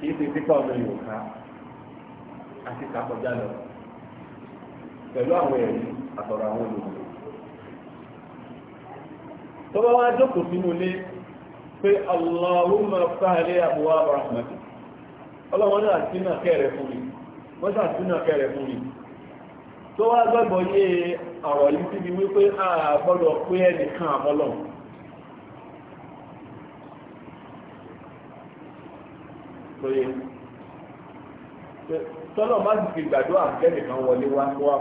kìí ṣe pípa ọmọ yorùbá àti kàkọjá lọ pẹ̀lú àwọn ẹ̀rí àtọ̀rọ̀ àwọn olùkọ́. tó bá wá jókòó sínú ilé pé Allahumma fáàlé àbúwá rahmat ọlọ́wọ́n náà sínú kẹrẹ fún mi wọ́n sà fún mi tó wá gbọ́gbọ́ yé yìí síbi a pé ẹnìkan sóye tọ́lọ̀ má sì fi gbàdúrà kan wọlé wá wá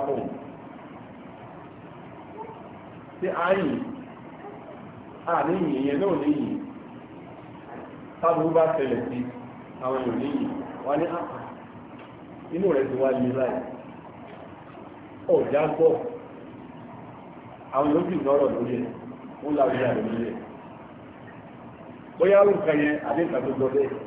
a yìn a ní yìn náà ní yìn tábùú bá tẹ̀lẹ̀ sí àwọn èèyàn ní yìn wá ní àpá ah, ah, inú rẹ̀ ti wá yìí láì ọ̀já gbọ́ àwọn yóò sì lọ́rọ̀ lórí ẹ̀ ó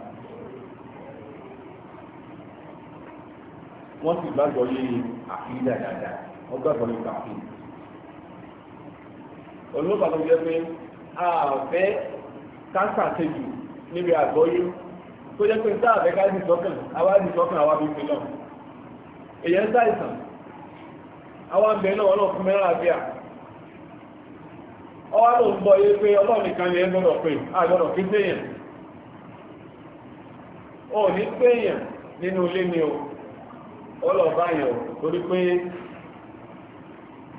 wọ́n sì gbàgbọ́ yé àkídà dáadáa wọ́n gbàgbọ́ olùkọ́ tó jẹ́ pé a fẹ́ káńsà níbi àgbọ́yé tó jẹ́ pé ń sáà fẹ́ káńsì sọ́kàn àwa ní sọ́kàn àwa fi fi náà. ń àwa ń bẹ náà wọn náà fún àbíà. ọwọ́ ló ń yé pé ọlọ́run nìkan ni ẹ gbọ́dọ̀ pé o Ọlọ torí pé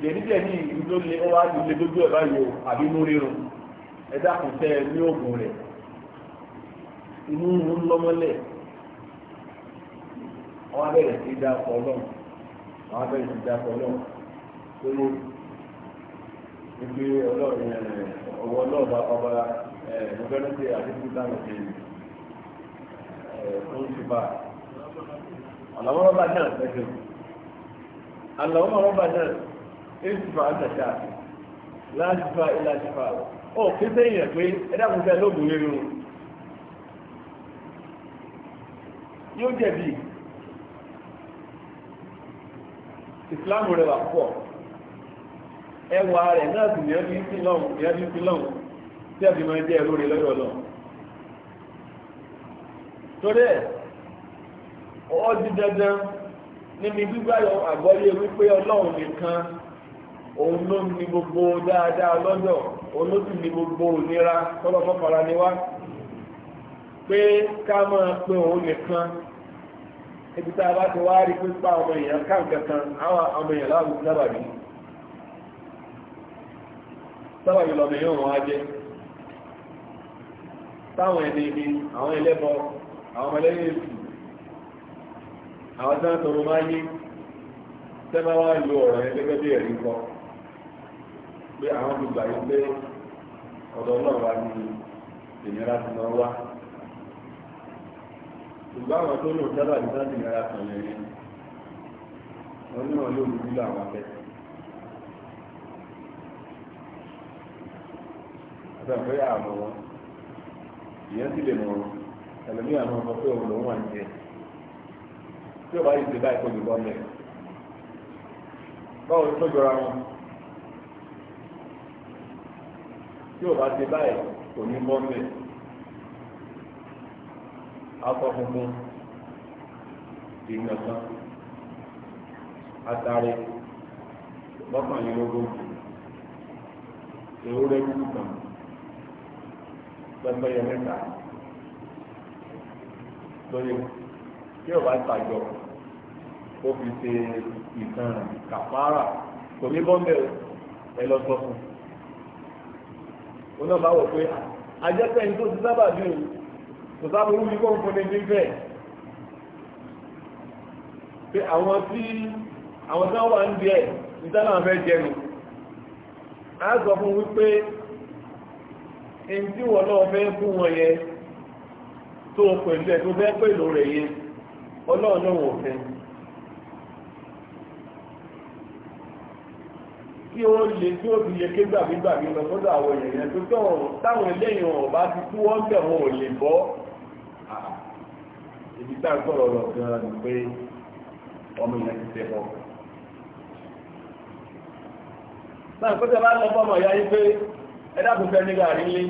jẹ̀díjẹ̀ ní ìlú ọwá ẹ̀ àbí mú rírun ẹ̀dá kò tẹ́ ní oògùn rẹ̀ inú ń lọ́mọ́lẹ̀ àwọn abẹ́rẹ́ ti dá ọlọ́run àwọn abẹ́rẹ́ ti dá ọlọ́run tó lé ibi ọlọ́run ọwọ́ اللهم ربنا نجم اللهم ربنا اشفع انت شافي لا شفاء الا شفاء ó kí sẹ́yìn rẹ̀ pé ẹ̀dá kò fẹ́ lóògùn lórí wọn yóò jẹ̀bi ìsìláàmù rẹ̀ wà pọ̀ ẹwà rẹ̀ náà sì ní ẹbí sí lọ́hùn ní ẹbí sí lọ́hùn tí ẹbí máa jẹ́ ẹrú rẹ̀ lọ́dọ̀ lọ torí ẹ̀ ó di dandan níbi gbígbáyọ àgbọ́yé wípé ọlọ́run nìkan òun ló ní gbogbo dáadáa lọ́dọ̀ òun ló sì ní gbogbo ònira tọ́lọ́fọ́ fara ni wá pé ká máa pe òun nìkan ibi tá a bá ti wá rí pípa ọmọ èèyàn káàkankan àwọn ọmọ èèyàn láàrùn sábàbí sábàbí lọ́mọ èèyàn wọn á jẹ́ táwọn ẹni ibi àwọn ẹlẹ́bọ àwọn ọmọlẹ́yìn àwọn tí wọ́n tọrọ máa yí tẹ́lá wá ọrụ ọ̀rọ̀ yẹn bí ẹ̀rí kọ́ pé àwọn ti gbà yí ọ̀dọ̀ náà wá ní ìnira ti lọ wá àwọn tó lò ní sáà ìnira kan lè ní wọn yóò àwọn akẹ́kọ̀ọ́. àtàkùn yà àmọ̀ wọn ìyẹn sì lè mọ̀ ẹlòmíràn náà pé òun lòún tí ó bá yìí ṣe báyìí kó bọ́ mẹ́ báwo ló jọra wọn tí ó bá ṣe báyìí kò ní bọ́ mẹ́ akọ funfun ìgbìmọ̀ kan atare mọ́kànlélógún ewúrẹ́ dúdú kan pẹ́pẹ́yẹ mẹ́ta tí ó bá tàjọ ó fi ṣe ìtanràn kàfárà kò ní bọ́m̀bẹ̀ ẹ lọ sọ fún un oná bá wọ̀ pé ajẹ́pẹ́ ní tó ti sábà bí o kò sábòrú mi kóhùn fún ní níbẹ̀ pé àwọn tí àwọn tí wọ́n wà ń díẹ̀ ìtàlà fẹ́ jẹnu a sọ fún wípé èyí tí wọ́n náà fẹ́ fún wọn yẹ tó pẹ̀lú ẹ̀ tó fẹ́ pẹ̀lú rẹ̀ yẹ ọlọ́ọ̀lọ́wọ̀ fẹ́ tí ó lè tí ó fi yẹ ké gbàgbégbàgbé lọ sọ́dọ̀ àwọn èèyàn yẹn tó tọ̀hún táwọn eléyìí ọ̀hún bá ti kú wọ́n bẹ̀ wọn ò lè bọ́. Ah, ibi tá à ń sọ̀rọ̀ lọ gan-an ni pé ọmọ ìyẹn ti tẹ̀ bọ́. náà pé tẹ́lá lọ fọmọ ìyá yín pé ẹ dábò fẹ́ ní gàrí lé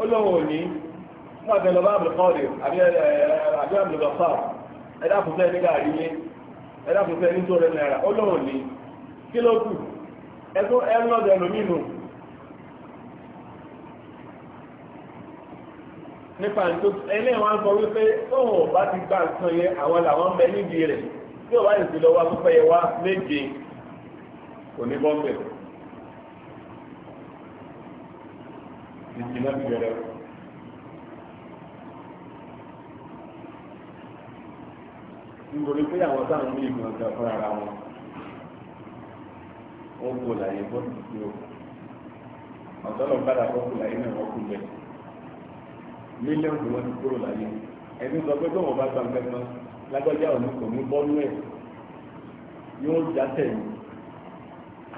ó lóun ò ní wọ́n fẹ́ lọ bá àbùkọ́ọ̀dì àbí àbùkọ́ọ̀fà ẹ dábò fẹ́ ní gàrí lé ẹ dábò fẹ́ ní tó rẹ náírà ó lóun ẹ̀tọ́ ẹlọ́dẹ̀ ẹlòmínú nípa ìtò ẹlẹ́wọ̀n sọ wípé tóhùn bá ti gbà nǹkan yẹ àwọn làwọn ń bẹ níbi rẹ̀ tí ó bá lè fi lọ wá púpẹ́ yẹ wá méje kò ní bọ́m̀bẹ̀ ìjìnà ti bẹ̀rẹ̀ nítorí pé àwọn táwọn ní ìgbìmọ̀ ọ̀gá fúnra wọn ó kò láyé bọ́ sí òkú ọ̀tọ́lọ̀ padà kọ́ kò láyé náà wọ́n kú bẹ́ẹ̀ mílíọ̀nù tí wọ́n ti kúrò láyé ẹni sọ pé tóun bá gba nǹkan kan lágbájá òní kò ní bọ́nú ẹ̀ yóò já tẹ̀lé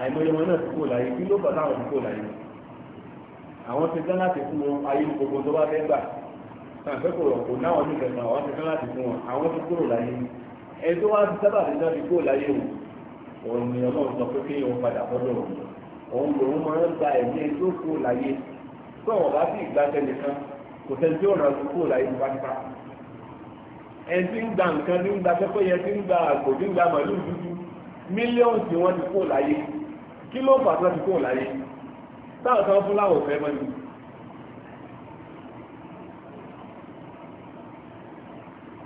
àìmọye wọn náà ti kúrò láyé kí ló bàtà àwọn ti kúrò láyé àwọn ti dán láti fún wọn ayé gbogbo tó bá fẹ́ gbà sàǹfẹ́ kò rọ̀ náwọn ní kẹsàn-án àwọn ti dán láti fún wọn àwọn ti kúrò láyé ẹni òun ni ọlọ́run sọ pé kí òun padà fọ́dọ̀ òun òun lòun máa ń gba ẹ̀mí tó kú láyé tó àwọn bá sì gba tẹ́lẹ̀ kan kò tẹ́lẹ̀ tí òun àti kú láyé ti pátá ẹni tí ń gba nǹkan ní ń gba pẹ́pẹ́ yẹn tí ń gba àgbò tí ń gba màlúù dúdú mílíọ̀nù tí wọ́n ti kú láyé kí ló fà tó ti kú láyé táwọn kan fún láwọ̀ fẹ́ mọ́ ni.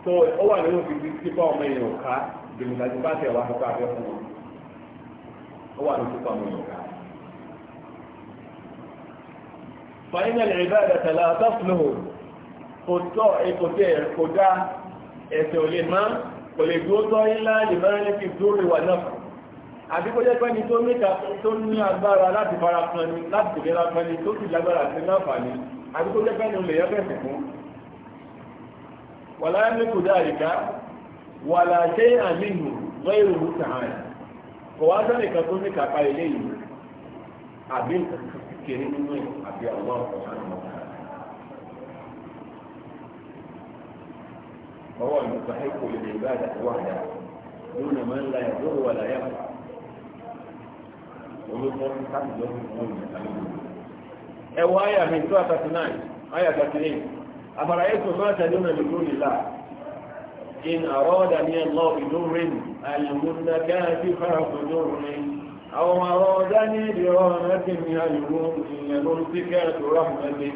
tó ó wà nínú fìdí sípò ọmọ èèyàn ká gbèmìlà ti bá tẹ̀ wá fún káfẹ́ fún wọn ó wà lójú pa àwọn èèyàn. fàyínà lè bá àdàtàlà àtàkùnlò kò tọ́ èkó e tẹ̀ kò dá ẹ̀sẹ̀ ò lè má kò lè dúró tọ́ ńlá lè má ní fi dúró wà náà àbí kó jẹ́ pé ní tó níta tó ní agbára láti fara kan ni láti tòlé lápẹ́ ni tó sì lágbára sí láǹfààní àbí kó jẹ́ pé ní olè yẹn fún wà láyé ní kò wà láṣẹ àmìhù lọ́yẹ̀rù kò wá sẹ́ni kan tó ní kápá ilé yìí àbí kékeré nínú ẹ̀ àbí àwọn ọ̀pọ̀ sánú ọ̀pọ̀. وهو المستحق للعبادة وحده دون من لا يضر ولا ينفع olùkọ́ ní sáàmùlọ́ ìwọ̀n ìtàlẹ́wò. ẹwọ àyà mi tó àtàtì náà àyà àtàtì àbàrà ètò máa tẹ̀lé ọ̀nà ìlú nílá إن أراد من الله بضر المن كاشفا ضر أو أرادني برحمة من المن ممسكة رحمته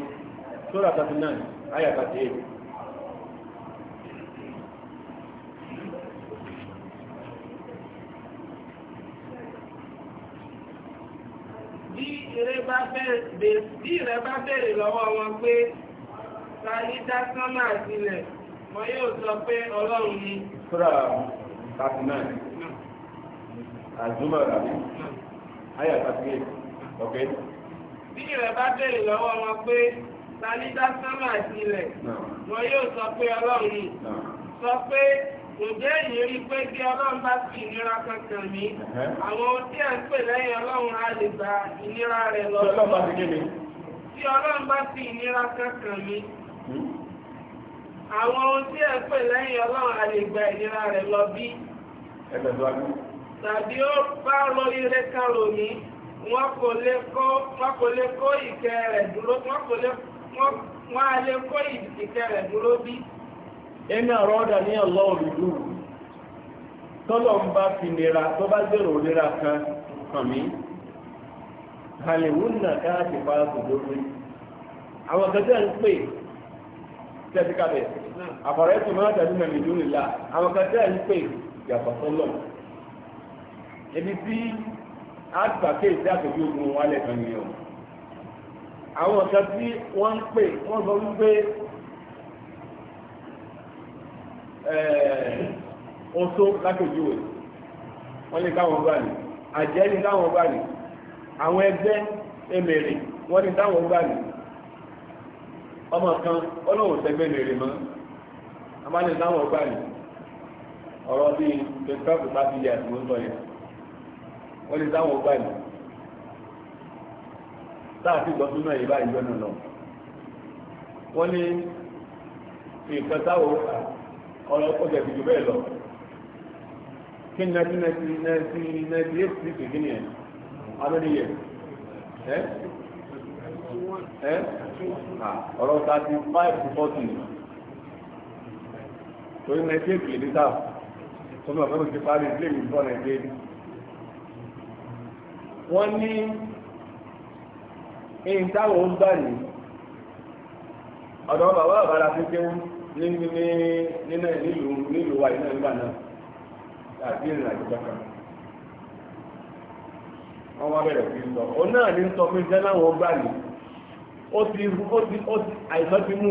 سورة النان آية 38 Bí ìrẹ bá bẹ̀rẹ̀ lọ́wọ́ wọn pé, ta ní dá sánmà sílẹ̀, mọ yóò sọ pé ọlọ́run ni. Sura 39: nine. Àjùmọ̀ rẹ̀ àyà thirty eight. Okay. Bí ìrẹ̀ bá béèrè lọ́wọ́ wọn pé Salida Sama àti ilẹ̀, wọ́n yóò sọ pé ọlọ́run ni. Sọ pé ǹjẹ́ ìrírí pé kí ọlọ́run bá fi ìnira kankan kàn mí àwọn tí à ń pè lẹ́yìn ọlọ́run á lè gba ìnira rẹ̀ lọ. tí ọlọ́run bá fi ìnira kankan kàn hmm? àwọn ohun tí ẹ pè lẹ́yìn ọlọ́run a lè gba rẹ̀ lọ bí tàbí ó bá lórí rẹ̀ kárò ní wọ́n kò lè kó ìkẹ́ rẹ̀ dúró wọ́n a lè kó ìkẹ́ rẹ̀ dúró bí. ẹni ọ̀rọ̀ ọ̀dà ní ọlọ́run lùdú tọ́lọ̀ ń bá fi nira tó bá nira kan kàn mí káàkiri lórí àwọn àfàrẹ́ tó máa dàbí mẹ́rin ìlú nìlá àwọn kẹtẹ́ ẹ̀ ń pè yàtọ̀ sọ́lọ̀ ibi tí a gbà kéèsì àpèjú ogun wa lẹ́kan ni ọ̀ àwọn kan tí wọ́n ń pè wọ́n sọ wípé oṣó lápèjú rẹ̀ wọ́n lè káwọn gbà ní àjẹ́ ní káwọn gbà ní àwọn ẹgbẹ́ emèrè wọ́n ní káwọn gbà ní ọmọ kan ọlọ́wọ́ sẹgbẹ́ mèrè mọ́ abáni láwọn ọgbà ní ọ̀rọ̀ bí twenty-five thirty years ló ń sọ yẹn wọ́n lè láwọn ọgbà ní sáàtì gbọ́dún náà yìí báyìí lọ́nà lọ wọ́n ní nǹkan táwọn ọ̀rọ̀ ọjà ìdìbò bẹ́ẹ̀ lọ kí ni nineteen ninety ninety eight six kìíní ẹ̀ abẹ́rẹ́ yẹ ẹ́ ẹ́ ọ̀rọ̀ thirty torí nàìjíríà kìí ní sáà tó lọ fẹ́ràn ti parí ilé mi bọ́ nàìjíríà wọ́n ní ẹ̀yìn táwọn ń bá ní ọ̀dọ̀ bàbá àbára fi kéwú ní nílùú nílùú wa iná nígbà náà àti ìrìn àjò kankan wọ́n wá bẹ̀rẹ̀ sí sọ òun náà ní sọ pé jẹ́ láwọn gbà ní ó ti àìsàn ti mú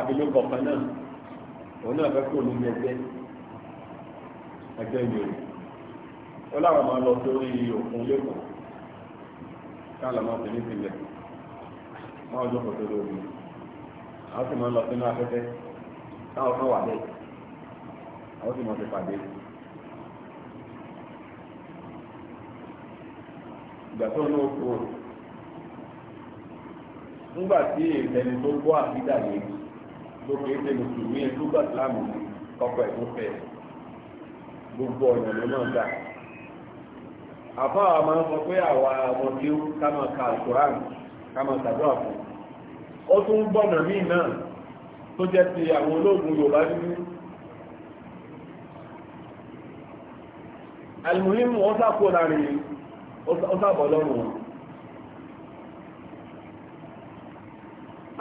abilékọ kan náà òun náà fẹ́ kó nínú ẹgbẹ́ ẹgbẹ́ yìí ó láwọn máa lọ sórí òkun lẹ́kọ̀ọ́ káàlà máa fi ní sílẹ̀ máa ọjọ́ kò tó lórí àwọn sì máa lọ sínú afẹ́fẹ́ táwọn kan wà bẹ́ẹ̀ àwọn sì máa fi pàdé ìgbà tó ní oko nígbà tí ìrẹni tó gbọ́ àbídà yìí lókè é ṣe mùsùlùmí ẹ tó gbà sílámù kọkọ ẹ tó fẹ́ gbogbo ọ̀nà ló náà dà àbá àwọn máa ń sọ pé àwa ọmọ tí ó ká máa ka àkùrán ká máa ṣàdúrà fún ó tún gbọ́nà míì náà tó jẹ́ ti àwọn olóògùn Yorùbá nínú alìmùhímù wọ́n sápò láàrin ó sábọ̀ lọ́rùn wọn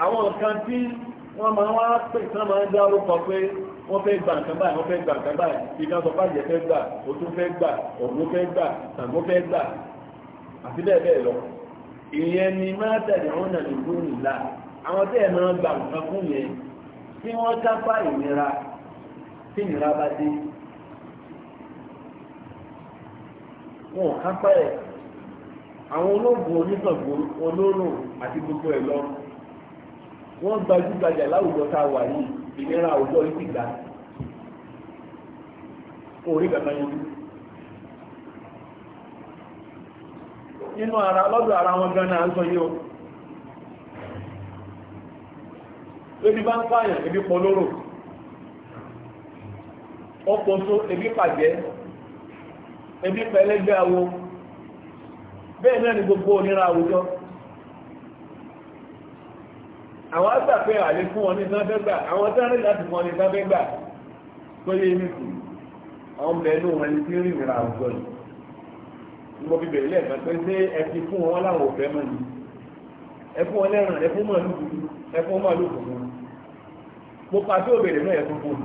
àwọn nǹkan tí wọ́n máa wá pè tí wọ́n máa ń dárúkọ pé wọ́n fẹ́ gbà nǹkan báyìí wọ́n fẹ́ gbà nǹkan báyìí ìkan sọ fàjẹ́ fẹ́ gbà òtún fẹ́ gbà ògùn fẹ́ gbà tàgbó fẹ́ gbà àti bẹ́ẹ̀ bẹ́ẹ̀ lọ ìyẹn ni máa tẹ̀lé wọn nà ní gbóhùn ìlà àwọn tẹ́ẹ̀ máa gbà nǹkan fún yẹn tí wọ́n kápá ìnira tí ìnira bá dé wọn ò kápá ẹ̀ àwọn olóògùn onígbàgbọ́ wọ́n gbajúgbajà láwùjọ tá wà ní ìlera àwùjọ yìí orí yìí nínú ara lọ́dọ̀ ara wọn gan ń sọ ebi bá ń pààyàn ebi pọ̀ lóró ebi pàjẹ́ ebi pẹ̀lẹ́gbẹ́ bẹ́ẹ̀ gbogbo àwọn àgbà pé àlè fún wọn ní sáfẹ́ gbà àwọn tí wọ́n rí láti fún wọn ní sáfẹ́ gbà tó yé ní kù àwọn ọmọ ẹnu wọn ni tí ń rìn ìrìnà àwùjọ yìí mo fi bẹ̀rẹ̀ lẹ́ẹ̀kan pé ṣé ẹ ti fún wọn láwọn òfẹ́ mọ́ ni ẹ fún wọn lẹ́ràn ẹ fún màálù dúdú ẹ fún màálù funfun mo pa tí òbèrè náà ẹ fún mi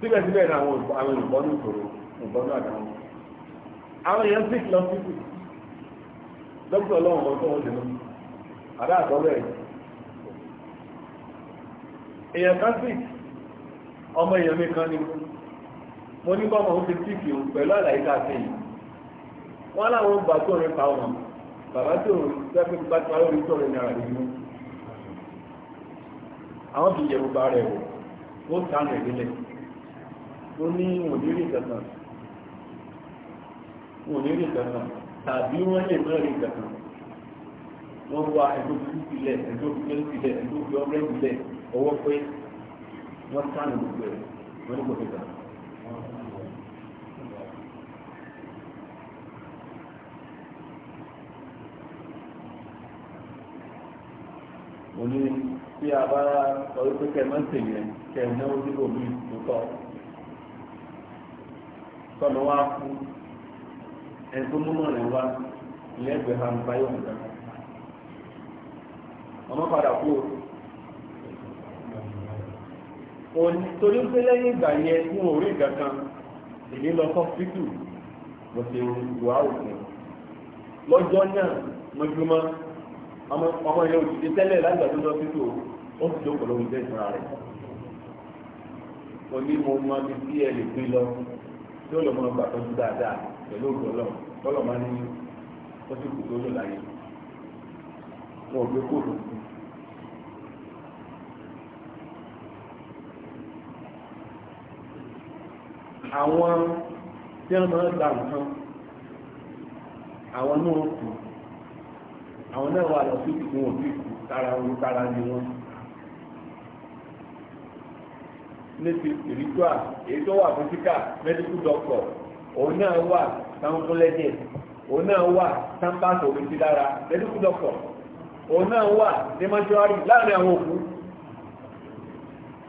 síbẹ̀síbẹ̀ ní àwọn àwọn ìbọn ní ìṣòro ìbọn ní àdáwọn àwọn èèyàn sì lọ sí dókítà ọlọ́run ọgbọ́n tó wọ́n dé lọ́wọ́ àdá àtọ́lẹ̀ èèyàn kan sí ọmọ èèyàn mi kan ni mo ní kọ́mọ̀ ó ti tíkì òun pẹ̀lú àlàyé ká sí yìí wọ́n láwọn gbà tó rẹ̀ pa ọmọ bàbá tó rẹ̀ sẹ́fẹ́ bá ti wáyé orí tó rẹ̀ náírà nínú àwọn kìí yẹ̀wò bá rẹ̀ ó sànù ìdílé ó ní ònírí ìtẹ̀sán tàbí wọ́n lè mọ́ rí wọ́n wá ẹ̀dọ́ fún ìlẹ̀ ẹ̀dọ́ fún ìlẹ̀ ẹ̀dọ́ fún ọ̀rẹ́ ìlẹ̀ ọwọ́ pé wọ́n sáré gbogbo ẹ̀ wọ́n ní kò fi gbà. mo ní bí a bá sọ wípé kẹ máa ń tèmi ẹ kẹ ẹ mi tó tọ tọ́nà wá fún ẹni tó múnà wá ilé ẹgbẹ̀rún báyọ̀ nǹkan ọmọ padà kú o torí pé lẹ́yìn ìgbà yẹn fún orí ìgbà kan èmi lọ sọ fítù mo ti wà òkun lọ́jọ́ náà mọ́júmọ́ ọmọ ilé òjìdí tẹ́lẹ̀ lágbà tó lọ fítù ó sì lóko lóhun jẹ́ ìfúnra rẹ̀ mo ní mo mọ ibi tí ẹ lè gbé lọ tí ó lọ mọ gbàtọ́jú dáadáa pẹ̀lú ògbọ́lọ́ bọ́lọ̀ máa ní ó sì kù tó lò láyé wọn gbé kóòdù àwọn tí wọ́n máa gba nǹkan àwọn náà kù àwọn náà wà lọ sí ìkú wọn bí kù tára wọn tára ni wọn ní ti spiritual èyí tó wà fún síkà medical doctor òun náà wà táwọn fúnlẹ́jẹ̀ òun náà wà táwọn bá sí dára medical doctor òun náà wà ní mọ́ṣúárì láàrin àwọn òkú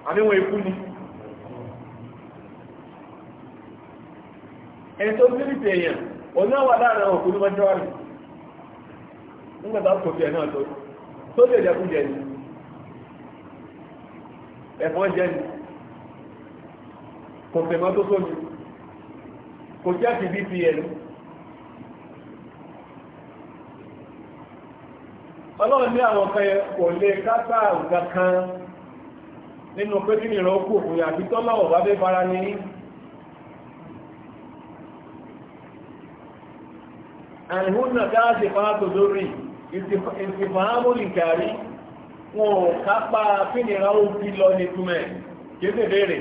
àníwọ̀n ikú ni ẹni tó sí ìpè èèyàn òun náà wà láàrin àwọn òkú ní mọ́ṣúárì nígbàtà kòfì ẹ̀ náà tó tó lè jẹ́ kújẹ ni ẹ̀fọn jẹ́ ni kòfì mọ́ tó tó kò jẹ́ ti bpn ọlọ́run ní àwọn kan kò lè kápá òga kan nínú pé kí nìran kú òkúnyà àti tọ́lọ́wọ̀ bá fẹ́ fara ní àìhúnnà káàkiri fàátò lórí ìsìnfàámúlì kàrí wọn ò kápá kí nìran ó fi lọ ní túmẹ̀ kéde béèrè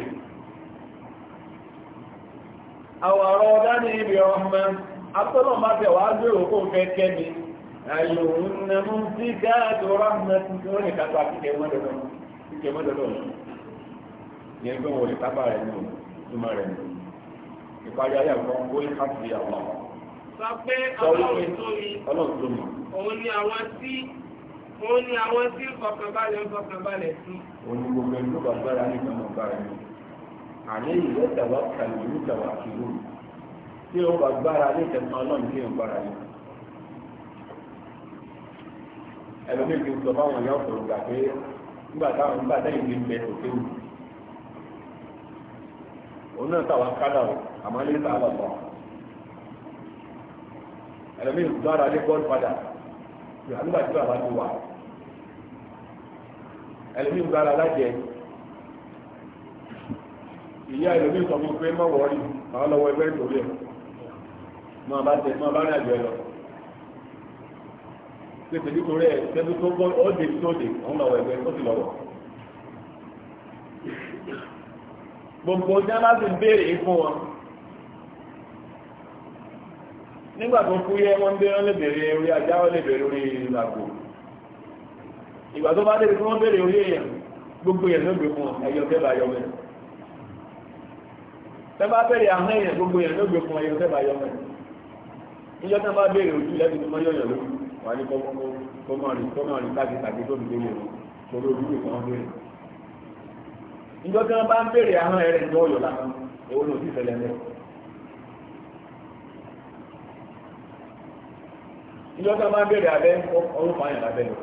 àwọ̀ àrọ̀ ọ̀dá ní ibi ọmọ atọ́lọ́mọ́ bá tẹ̀ wá gbé òkú fẹ́ kẹ́mi ayyuhunna mumsikatu rahmatin tí wọ́n lè kápá kíkẹ́ mọ́dọ̀dọ̀ yẹn gbọ́n wọlé kápá rẹ̀ nù túmọ̀ rẹ̀ nù ìparí ayé àwọn ọmọ orí káàkiri ni àwọn tí òun ni àwọn tí fọkànbalẹ̀ fọkànbalẹ̀ sí. òun ni gbogbo ẹni tó bá gbára ní ìgbà náà gbára ní. àní ìlú ẹ̀tàwá kàlùmí ìlú ìtàwá kìlú. tí ó bá gbára ní ìtẹ̀sán ọlọ́run kí ó gbára ní. ẹlòmíì fi sọ fáwọn èèyàn sọ̀rọ̀ gbà nígbà táwọn nígbà tẹ́yìn ti bẹ tòkè wù òun náà tàwa kádà o àmọ́ ní sáà lọ́pọ̀ ẹlòmíì gbára lé bọ́ọ̀lù padà nígbà tí bàbá ti wà ẹlòmíì gbára lájẹ ìyá ẹlòmíì sọ fún pé má wọrí àwọn lọ́wọ́ ẹgbẹ́ ìtòlẹ̀ máa bá rìn àjọ ẹ lọ pèsè nítorí ẹ̀ tẹ́bí tó gbọ́ ó dé tó dé òun lọ́wọ́ ẹgbẹ́ tó ti lọ́wọ́. gbogbo ọjà bá ti béèrè fún wọn nígbà tó kú yẹ wọ́n béèrè lè béèrè orí ajá wọ́n lè béèrè orí ìlàgbò ìgbà tó bá débi tí wọ́n béèrè orí èèyàn gbogbo èèyàn ló gbé fún wọn ẹyọ tẹ́ bá yọ mẹ́rin tẹ́ bá béèrè àwọn èèyàn gbogbo èèyàn ló gbé fún ẹyọ tẹ́ bá yọ mẹ́rin níjọ́ bá béèrè ojú lẹ́bi tí wọ́n yọ̀yọ̀ lójú wà ní kọ́mọ̀rì kọ́mọ̀rì tàbí tàbí tó fi lè wò torí ojú nìkan ń béèrè. níjọ́ tí wọ́n bá ń béèrè ahọ́n ẹ̀rẹ̀ ìjọ ọ̀yọ́ lásán èwo ló sì fẹ́lẹ́ mẹ́. níjọ́ tí wọ́n bá ń béèrè abẹ́ ọrùn fàáyàn lábẹ́ lọ.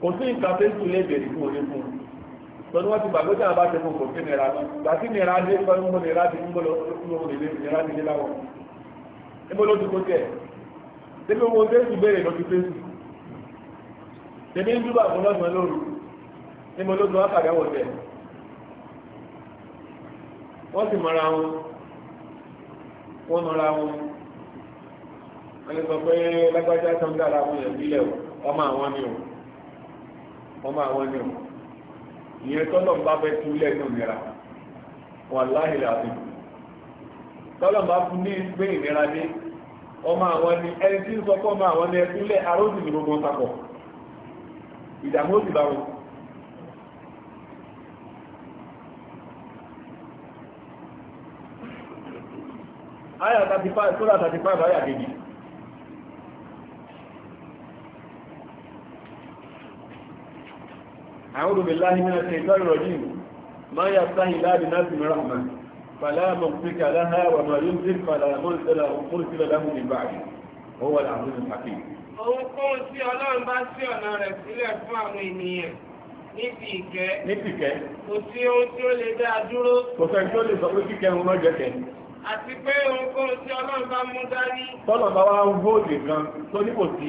kò sí nǹkan tó sùn lè béèrè fún òní fún un tọ́ni wọ́n ti gbàgbé tí a bá ti kò sí nira náà gbàtí nira dé dé níbo ló ti kó tẹ̀ débi owó tẹ́sí bẹ̀rẹ̀ lọ́ti tẹ́sí tẹ̀mí ń dúbà fún lọ́sàn-án lóru níbo ló ti wá kàdá wọ̀ tẹ̀ wọ́n sì mọ́ra wọn wọ́n mọ́ra wọn wọ́n lè sọ pé lágbájá tó ń dára àwọn èèyàn sílẹ̀ ọmọ àwọn ni o ọmọ àwọn ni o ìyẹn tọ́lọ̀ ń bá fẹ́ tú lẹ́nu ìnira wàláhìlà àti tọ́lọ̀ ń bá fún ní gbé ìnira dé ọmọ àwọn ni ẹni tí ń sọpọ̀ ọmọ àwọn ni ẹkúnlẹ̀ arójì ní gbogbo ọ̀tàpọ̀ ìdàmú ó sì bá wọn àyà 35 sóra 35 àyà kejì àwọn olùmìláhìmínà ṣe ìtọ́rọ̀ yìí máa yà sáhìláàdì náà sí mẹ́rànmà فلا ممسك لها وما يمسك فلا مرسل له مرسل له من بعد هو العزيز الحكيم ohunkóhun tí ọlọ́run bá ṣí ọ̀nà rẹ̀ sílẹ̀ fún àwọn ènìyàn níbi ìkẹ́ níbi ìkẹ́ kò sí ohun tí ó lè dá a dúró kò sẹ́ni tó lè sọ pé kíkẹ́ ń wọ́n jẹ́kẹ́ àti pé ohunkóhun tí ọlọ́run bá mú dání tọ́lọ̀ bá wá ń vóòdì kan tó ní kò sí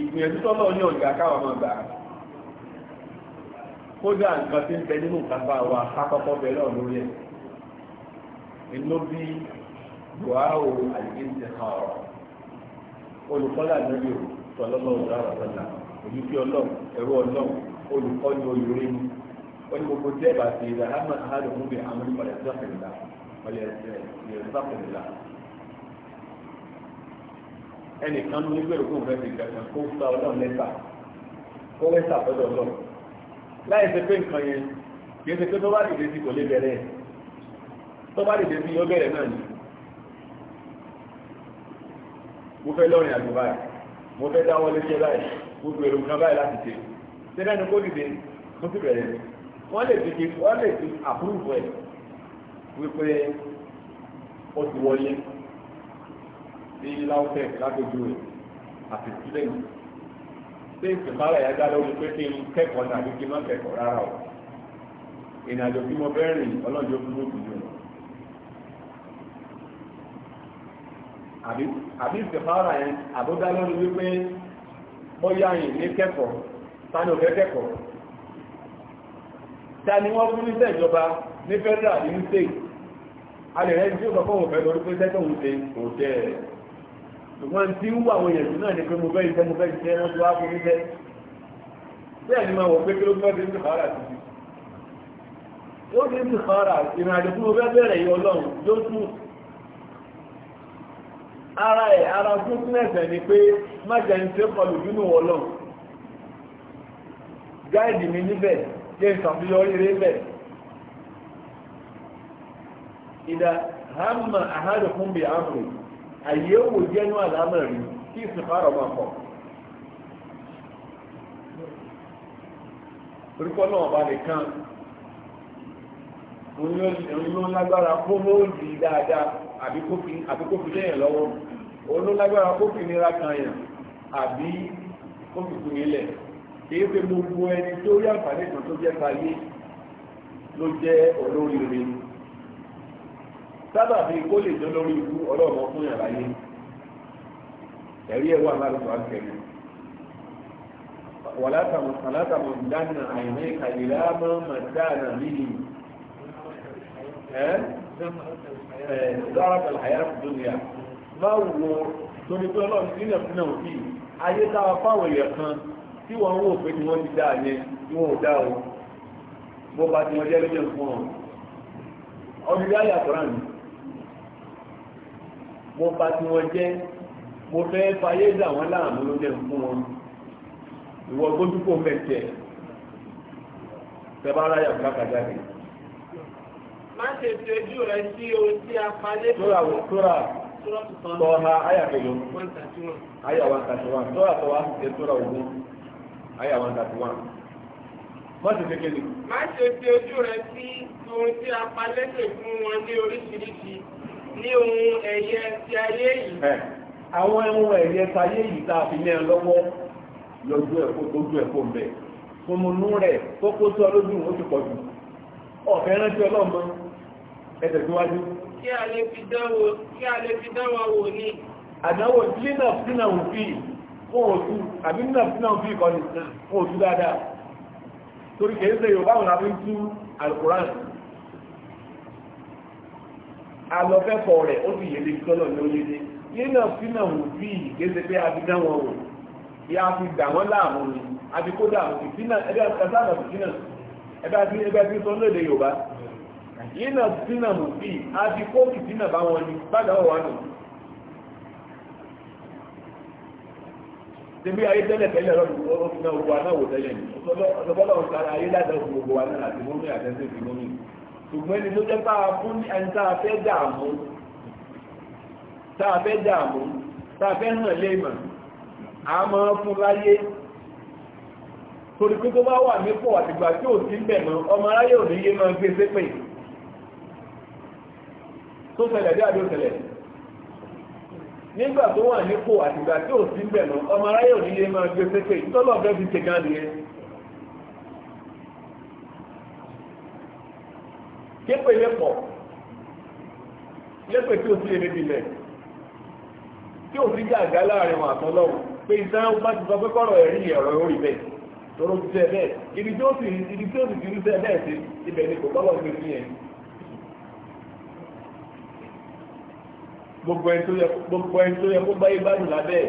ìgbìyànjú tọ́lọ̀ ní ọ̀gá káwà máa gbà kódà nǹkan tí ń bẹ nínú kápá wa kákọ́kọ́ bẹ náà lórí ẹ̀ inú bí buhari àìyíǹde kan ọ̀rọ̀ olùkọ́lá lórí o tọ́lọ́lọ́ ọ̀gá ọ̀gá olùkí ọlọ́run ẹ̀rọ ọlọ́run olùkọ́ni olùrí ni wọ́n ní gbogbo tẹ́ẹ̀bà ti ìdáhàmà àhàlùmú bí àwọn ìpàdé sọ́kìnlá ẹnìkan ló nígbèrè kó fẹ́ fi gbẹ̀sán kó gba ọlọ́run lẹ́tà kó lẹ́tà fẹ́dọ̀ lọ láì ṣe pé nǹkan yẹn kì í ṣe pé tó bá dìde sí kò lè bẹ̀rẹ̀ tó bá dìde sí yóò bẹ̀rẹ̀ náà ni mo fẹ́ lọ́rin àjò báyìí mo fẹ́ dáwọ́ léṣẹ́ báyìí mo gbèrò nǹkan báyìí láti ṣe ṣé lẹ́nu kó dìde mo sì bẹ̀rẹ̀ wọ́n lè fi wọ́n lè fi àbúrò ẹ̀ wípé ó ti wọlé ní láwùfẹ́ lágbèjú rẹ̀ àti student ṣé ìsìnbára yà dá lórí pé kí n kẹ́kọ̀ọ́ tàbí kí n má kẹ́kọ̀ọ́ rárá o ìrìnàjò bí mo fẹ́ rìn ọlọ́jọ́ fún òbí mi àbí ìsìnbára yẹn àbúdá lórí wípé bóyá yìí ní kẹ́kọ̀ọ́ sani ò fẹ́ kẹ́kọ̀ọ́ tani wọ́n fún níṣẹ́ ìjọba ní federal ní alẹ́ rẹ̀ ń tí ó sọ fún lórí pé sẹ́kọ̀ọ́ ń ṣùgbọ́n tí ń wà àwọn èèyàn jù náà ni pé mo fẹ́ ìfẹ́ mo fẹ́ ìfẹ́ wọ́n ti wá fún mi fẹ́ bẹ́ẹ̀ ni máa wọ̀ pé kí ló fẹ́ fi ń sàkárà sí i ó fi ń sàkárà ìrìn àjò tí mo fẹ́ bẹ̀rẹ̀ yìí ọlọ́run yóò tún ara ẹ̀ ara fúnnẹ̀sẹ̀ ni pé má jẹ́ ní sẹ́kọ̀lù bínú ọlọ́run gáìdì mi níbẹ̀ jẹ́ ìsàfihàn eré bẹ̀ ìdá hàmà àhádùkún bíi àmì àyẹ̀wò jẹ́nu àlámọ̀ rí kí ìsìnkárọ̀ máa pọ̀. orúkọ náà bá nìkan òun lágbára kó lóòdì dáadáa àbí kó fi lẹ́yìn lọ́wọ́ òun lágbára kó fi nira kan yàn àbí kó fi kú nílẹ̀ kì í fi gbogbo ẹni tó rí àǹfààní kan tó jẹ́ káyé ló jẹ́ olóríire sábà fi kó lè jọ lórí ikú ọlọ́ọ̀mọ fún yàrá yé ẹ̀rí ẹ̀ wà lálùkù àkẹ́rẹ́ wàlátàmù sàlátàmù dáná àìní kàlílá mọ́ màdáná líli ẹ́ ẹ́ dára pẹ̀lú àyà dúnìyà máa wo torí pé ọlọ́run sílẹ̀ fún náà sí ayé táwa fáwọn èèyàn kan tí wọ́n ń wò pé ni wọ́n ti dáa yẹn tí wọ́n ò dáa o bó ba ti wọ́n jẹ́ lójú ẹ̀fọ́ ọ̀run ọdún yáyà kọ́ra nìyí mo bà tí wọ́n jẹ́ mo fẹ́ fayé dà wọ́n láàmú ló dẹ̀ fún wọn ìwọ gbójú kò mẹ́tẹ̀ tẹ́bá ráyà kákàjá rẹ̀. má ṣe fi ojú rẹ sí ohun tí a falẹ̀ fún tóra tọ́ha ayàkẹ́lò ayà 131 tóra tọ́ha ṣe tóra ogun ayà 131 má ṣe fi ojú rẹ sí ohun tí a falẹ̀ fún wọn ní oríṣiríṣi ní ohun ẹ̀yẹ ti ayé yìí àwọn ohun ẹ̀yẹ ti ayé yìí tá a fi ní ẹ lọ́wọ́ lójú ẹ̀kọ́ lójú ẹ̀kọ́ ń bẹ̀ fúnmunú rẹ̀ tó kó tó lójú ó ti pọ̀ jù ọ̀fẹ́ rántí ọlọ́mọ ẹsẹ̀ síwájú. kí a lè fi dánwà wò ní. àdánwò tí náà sí náà ń fi fún òtú àbí náà sí náà ń fi ìkọ́ni fún òtú dáadáa torí kèé ṣe Yorùbá wọn àfi ń tú Al-Kùránì alọ́fẹ́kọ̀ọ́ rẹ̀ ó sì yéde kọ́nà ní oyédé nínà sínà wò bí ìgbésẹ̀ pé a fi dá wọn wò bí a fi dà wọ́n láàmú ni a fi kódà fìtínà ẹgbẹ́ àtàtà fìtínà ẹgbẹ́ àti ẹgbẹ́ àti sọ lóde Yorùbá bí a fi kó fìtínà bá wọn ni nù. ayé tẹ́lẹ̀ tẹ́lẹ̀ ṣùgbọ́n ẹni tó jẹ́ táa fún ní ẹni táa fẹ́ dààmú táa fẹ́ dààmú táa fẹ́ hàn lẹ́mà a máa fún láyé torí pé tó bá wà nípò àtìgbà tí ò sí bẹ̀ mọ́ ọmọ aráyé ò ní yé máa gbé sépè tó ṣẹlẹ̀ bí àdó ṣẹlẹ̀ nígbà tó wà nípò àtìgbà tí ò sí bẹ̀ mọ́ ọmọ aráyé ò ní yé máa gbé sépè tọ́lọ̀ fẹ́ képe ilé pọ̀ lẹ́pẹ̀ tí ó sí lè nílẹ̀ tí ó sí gàgá láàrin wọn àtọ́lọ́wọ́ pé ìsáyán bá ti sọ pé kọ́rọ̀ ẹ̀rí ẹ̀rọ orí bẹ́ẹ̀ tóró ti sẹ́ bẹ́ẹ̀ ibi tí ó sì ibi tí ó sì ti rí sẹ́ bẹ́ẹ̀ sí ibẹ̀ ni kò bọ́lọ̀ sí sí yẹn gbogbo ẹni tó yẹ kó báyé bá dùn lábẹ́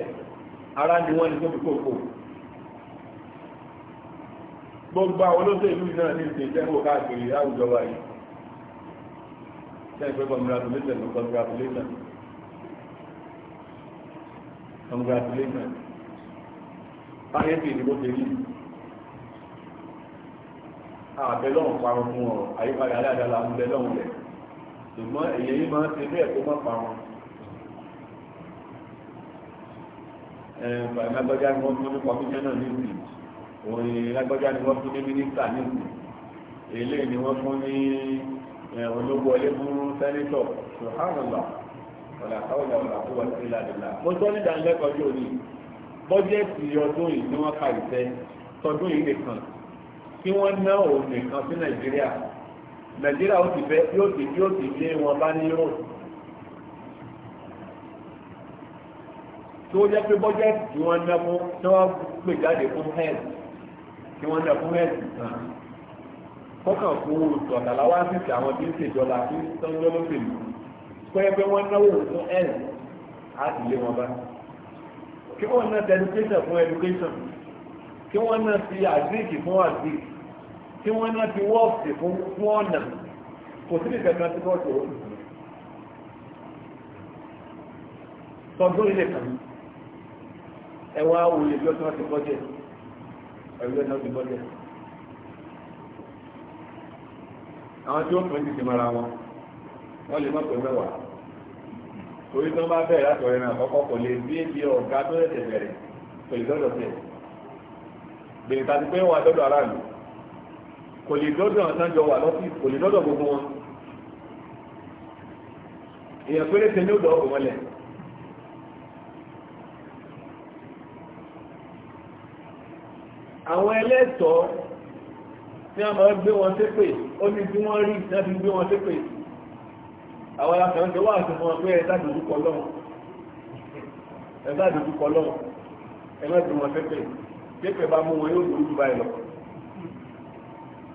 ara ni wọ́n ní tó fi kókó gbogbo àwọn olóṣèlú náà ní ìṣèjẹ́ wò káàkiri láwùjọ wa yìí sẹ́yìn pé congratulation ló congratulation congratulation fáyẹ́tì ni mo ṣe rí àbẹ̀lọ́hùn parun fún ọ àyípadà aláàdáa la ń bẹ lọ́hùn rẹ̀ ṣùgbọ́n èyí yìí máa ń ṣe bẹ́ẹ̀ kó má parun. lágbájá ni wọ́n tún ní kọmíṣánná nísìn òun lágbájá ni wọ́n tún ní mínísítà nísìn èlé ni wọ́n tún ní. Eh, ológun ọlé fún sẹ́nitọ̀ ṣùhánùlá ọ̀là káwọ̀lá ọ̀là tó wà sí ìlàdìlà mo sọ ní ìdánilẹ́kọ̀ọ́ yóò ní bọ́jẹ́ẹ̀tì ọdún yìí tí wọ́n ka ìfẹ́ tọdún yìí nìkan kí wọ́n ná òun nìkan sí nàìjíríà nàìjíríà ó ti fẹ́ yóò ti yóò ti lé wọn bá ní yóò tó jẹ́ pé bọ́jẹ́ẹ̀tì tí wọ́n ná fún tí wọ́n pè jáde fún health tí wọ́n ná fún health nìkan kọ́kàn kó ìtọ̀nà láwá sí ti àwọn tí ń ṣèjọba tí ń tọ́jọ́ lóṣèlú pẹ́ẹ́pẹ́ wọ́n náwó fún ẹ̀rù á sì lé wọn bá kí wọ́n náà ti education fún education kí wọ́n náà ti àdíríkì fún àdíríkì kí wọ́n náà ti wọ́ọ̀sì fún ọ̀nà kò sí ìfẹ̀kan tí wọ́n tòó tọdún ilé kan ẹwà òye bí wọ́n ti wọ́n ti bọ́jẹ̀ ẹ̀rú ẹ̀ náà ti bọ́jẹ̀ àwọn tí ó fún ti ti mara wọn wọ́n lè mọ́pẹ̀ mẹ́wàá torí tó bá bẹ̀rẹ̀ láti ọ̀rẹ́ náà kọ́kọ́ kò lè bí ebi ọ̀gá tó ẹ̀sẹ̀ bẹ̀rẹ̀ kò lè dọ́dọ̀ sí ẹ̀ bèrè tàbí pé wà dọ́dọ̀ aráàlú kò lè dọ́dọ̀ àtàjọ wà lọ́fíìsì kò lè dọ́dọ̀ gbogbo wọn èèyàn péré tẹ ní ó dọ̀ọ́ wọn àwọn ẹlẹ́tọ̀ọ́ ní a máa gbé wọn ṣépè ó ní bí wọ́n rí náà fi gbé wọn ṣépè àwọn akẹ́wọ́n ti wá àtúnmọ́ pé ẹ̀dá àdójúkọ lọ́wọ́ ẹ̀dá àdójúkọ lọ́wọ́ ẹ̀mọ́ ti wọn ṣépè ṣépè bá mú wọn yóò lójú báyìí lọ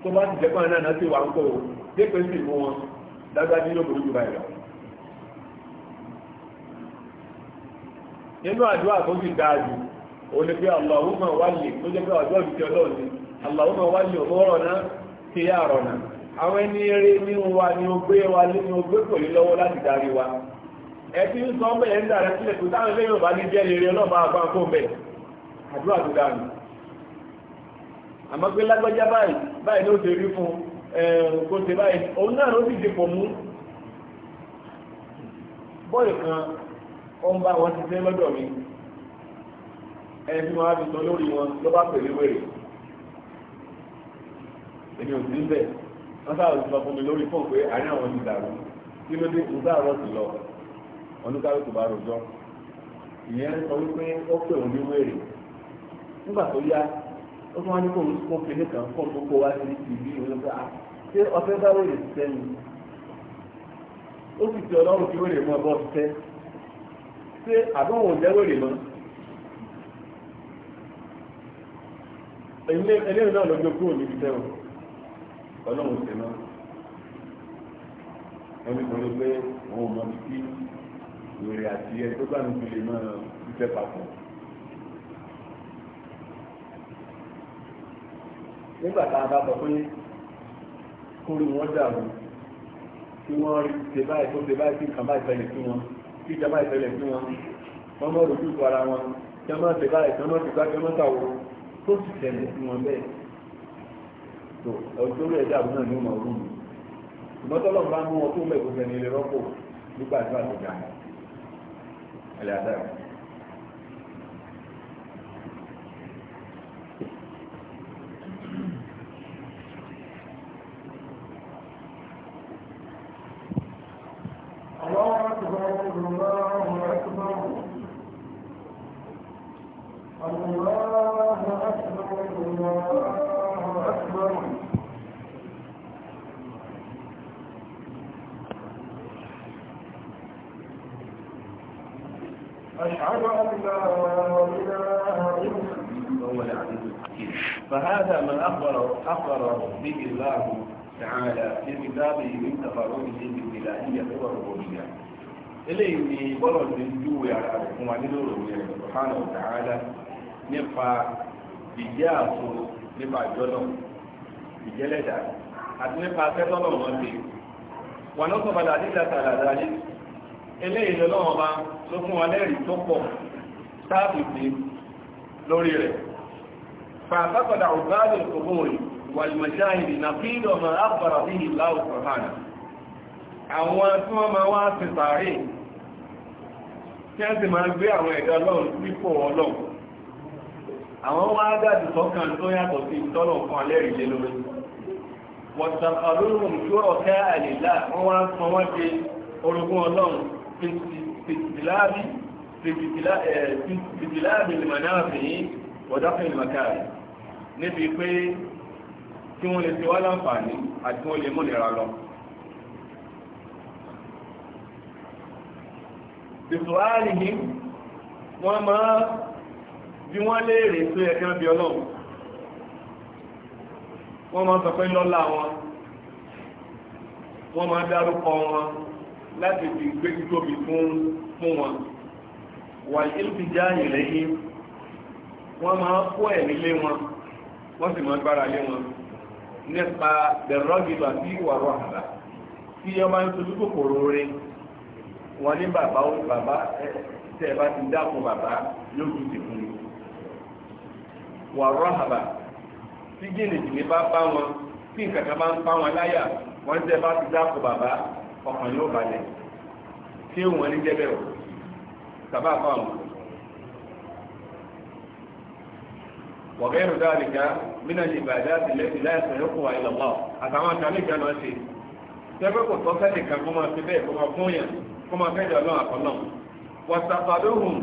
tó bá ti jẹ́pọ̀ náà náà ti wà ń kó o ṣépè sì mú wọn dágbájú yóò lójú báyìí lọ. Allahumma wáyé ọ̀rọ̀ náà ti yá ọ̀rọ̀ náà. Àwọn ẹni eré ní wa ni ó gbé wa ní ó gbé pò lọ́wọ́ láti darí wa. Ẹ ti ń sọ mẹ́rin ń dàrẹ́ sílẹ̀ tó táwọn ilé Yorùbá ní jẹ́ eré ọlọ́mọ àgbà mẹ́. Àdúrà tó dànù. Àmọ́ pé lágbájá báyìí báyìí ló ṣe rí fún èmi ò sí bẹ́ẹ̀ wọ́n sáà ti sọ fún mi lórí fóònù pé àárín àwọn ti dàrú kí ló dé kó sáà rọ̀ sí lọ oníkálukú bá rojọ́ ìyẹn sọ wípé ó pè òun ní wèrè nígbà tó yá ó tún wá ní kóun kó kéde kan kó tó kó wá sí ìbí ìwé pé a ah, ṣé ọfẹ́ bá wèrè ṣiṣẹ́ ni ó sì ti ọlọ́run kí wèrè mọ́ ọgbọ́n ṣiṣẹ́ ṣé àbọ̀wò ń jẹ́ wèrè mọ́ eléyìí náà ló kúrò níbi tẹ́wọ̀n ọlọ́run ṣe náà wọ́n ní kọ́ni pé òun mọ títí wèrè àti ẹ tó bá ń gbélé náà fífẹ́ papọ̀. nígbà tá a bá sọ pé kórè wọn dàrú tí wọ́n rí ṣe báyìí tó ṣe báyìí tí nǹkan báyìí fẹ́lẹ̀ sí wọn tí ìjọba ìfẹ́lẹ̀ sí wọn wọ́n mọ̀ lójú ara wọn tí wọ́n máa ṣe báyìí tí wọ́n máa ṣe báyìí tí wọ́n máa ṣàwọ̀ tó sì tẹ̀lé sí wọn bẹ́ẹ̀ tó ọjọ́ rẹ̀ dàbí náà ní ọmọ ọdún mi ṣùgbọ́n tọ́lọ̀ bá mú wọn tó mẹ́kọ̀ọ́ fẹ́ ní ilé rọ́pò nígbà tí wọ́n ti gbà ẹ̀ eléyìí ni bọ́lọ̀ ní júwe ara rẹ̀ fún wa nínú òròyìn rẹ̀ subhanahu wa ta'ala nípa ìjẹ́ àtò nípa ìjọ́nà ìjẹ́lẹ̀dà àti nípa akẹ́tọ́nà wọn ti wà lọ́sọ̀ padà nígbà tààdà ní eléyìí lọ́nà ọba ló fún wa lẹ́rìí tó pọ̀ sáàbìsì lórí rẹ̀ fàtàkọ̀dà ọ̀gáàdì òkòkòrò wàlùmọ̀ṣáhìdì nà fíìdọ̀mọ̀ àbàrà bí àwọn tí wọ́n máa wá ti sàárè tí wọ́n sì máa gbé àwọn ẹ̀dá ọlọ́run sípò ọlọ́run àwọn wá dàbí sọ́kàn tó yàtọ̀ sí tọ́lọ̀ fún alẹ́rìílé lórí wọ̀tàkàlóhùn tó ọ̀kẹ́ àlèlá wọ́n wá sọ wọ́n ṣe orogún ọlọ́run fìtìláàbì lìmọ̀náàfìyí wọ̀dáfẹ́ ìmọ̀káàrí níbi pé kí wọ́n lè ti wá láǹfààní àti wọ́n lè mú nira lọ bìtùwárìhì wọ́n máa bí wọ́n léèrè tó ẹ̀kẹ́ bí ọlọ́run wọ́n máa sọ pé lọ́lá wọn wọ́n máa dárúkọ wọn láti fi gbé títóbi fún wọn wà ìlú já ìlẹ́yìn wọ́n máa kó ẹ̀mí lé wọn wọ́n sì máa gbára lé wọn nípa dẹ̀rọ́gìlà sí ìwà rọ̀ àdá tí ọmọ ìtòlú kòkòrò rẹ̀ wọn ní bàbá ó bàbá tẹ ẹ bá ti dákun bàbá yóò tún ti fún mi wà rọ́hàbà tí jìnnìjìnnì bá bá wọn tí nǹkan kan bá ń pa wọn láyà wọn tẹ ẹ bá ti dákun bàbá ọkàn yóò balẹ̀ tí wọn ní jẹ́ o sábà fáwọn. وغير ذلك من العبادات التي لا يستحقها الا الله àtàwọn àtàlẹ́gbẹ̀ẹ́ lọ ṣe tẹ́gbẹ́kò tọ́sẹ́lì kan kó máa fi bẹ́ẹ̀ kó máa fún yàn kó máa fẹ́ ìdọ̀lọ́ àkọlọ́ wàtàfàdóhùn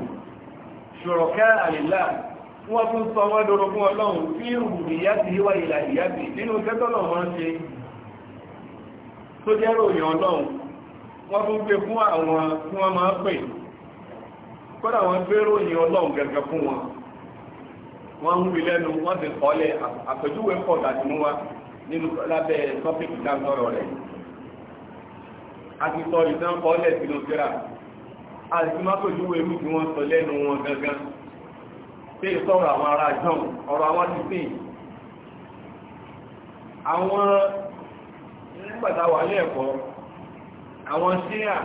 ṣòrọ̀kẹ́ àlèlá wọ́n tún sọ wọ́n dọ̀rọ̀ fún ọlọ́run tí ìrùbù ìyá ti wá ìlà ìyá bì nínú tẹ́tọ́lọ̀ wọ́n ṣe tó jẹ́ ròyìn ọlọ́run wọ́n tún gbé fún àwọn tí wọ́n máa pè kọ́dà wọ́n gbé ròyìn ọlọ́run gẹ́gẹ́ fún wọn wọ́n ń wí lẹ́nu wọ́n ti kọ́lẹ̀ àpèjúwe pọ̀ dàdínú nínú lábẹ́ tọ́pìkì dáńtọ́rọ̀ rẹ̀ àti sọ ìtàn kọ́lẹ̀ sínú síra àti má pẹ̀lú ewu tí wọ́n sọ lẹ́nu wọn gangan tí ìsọ̀rọ̀ àwọn ará john ọ̀rọ̀ àwọn ti sìn àwọn nígbàtàwà ní ẹ̀kọ́ àwọn síyà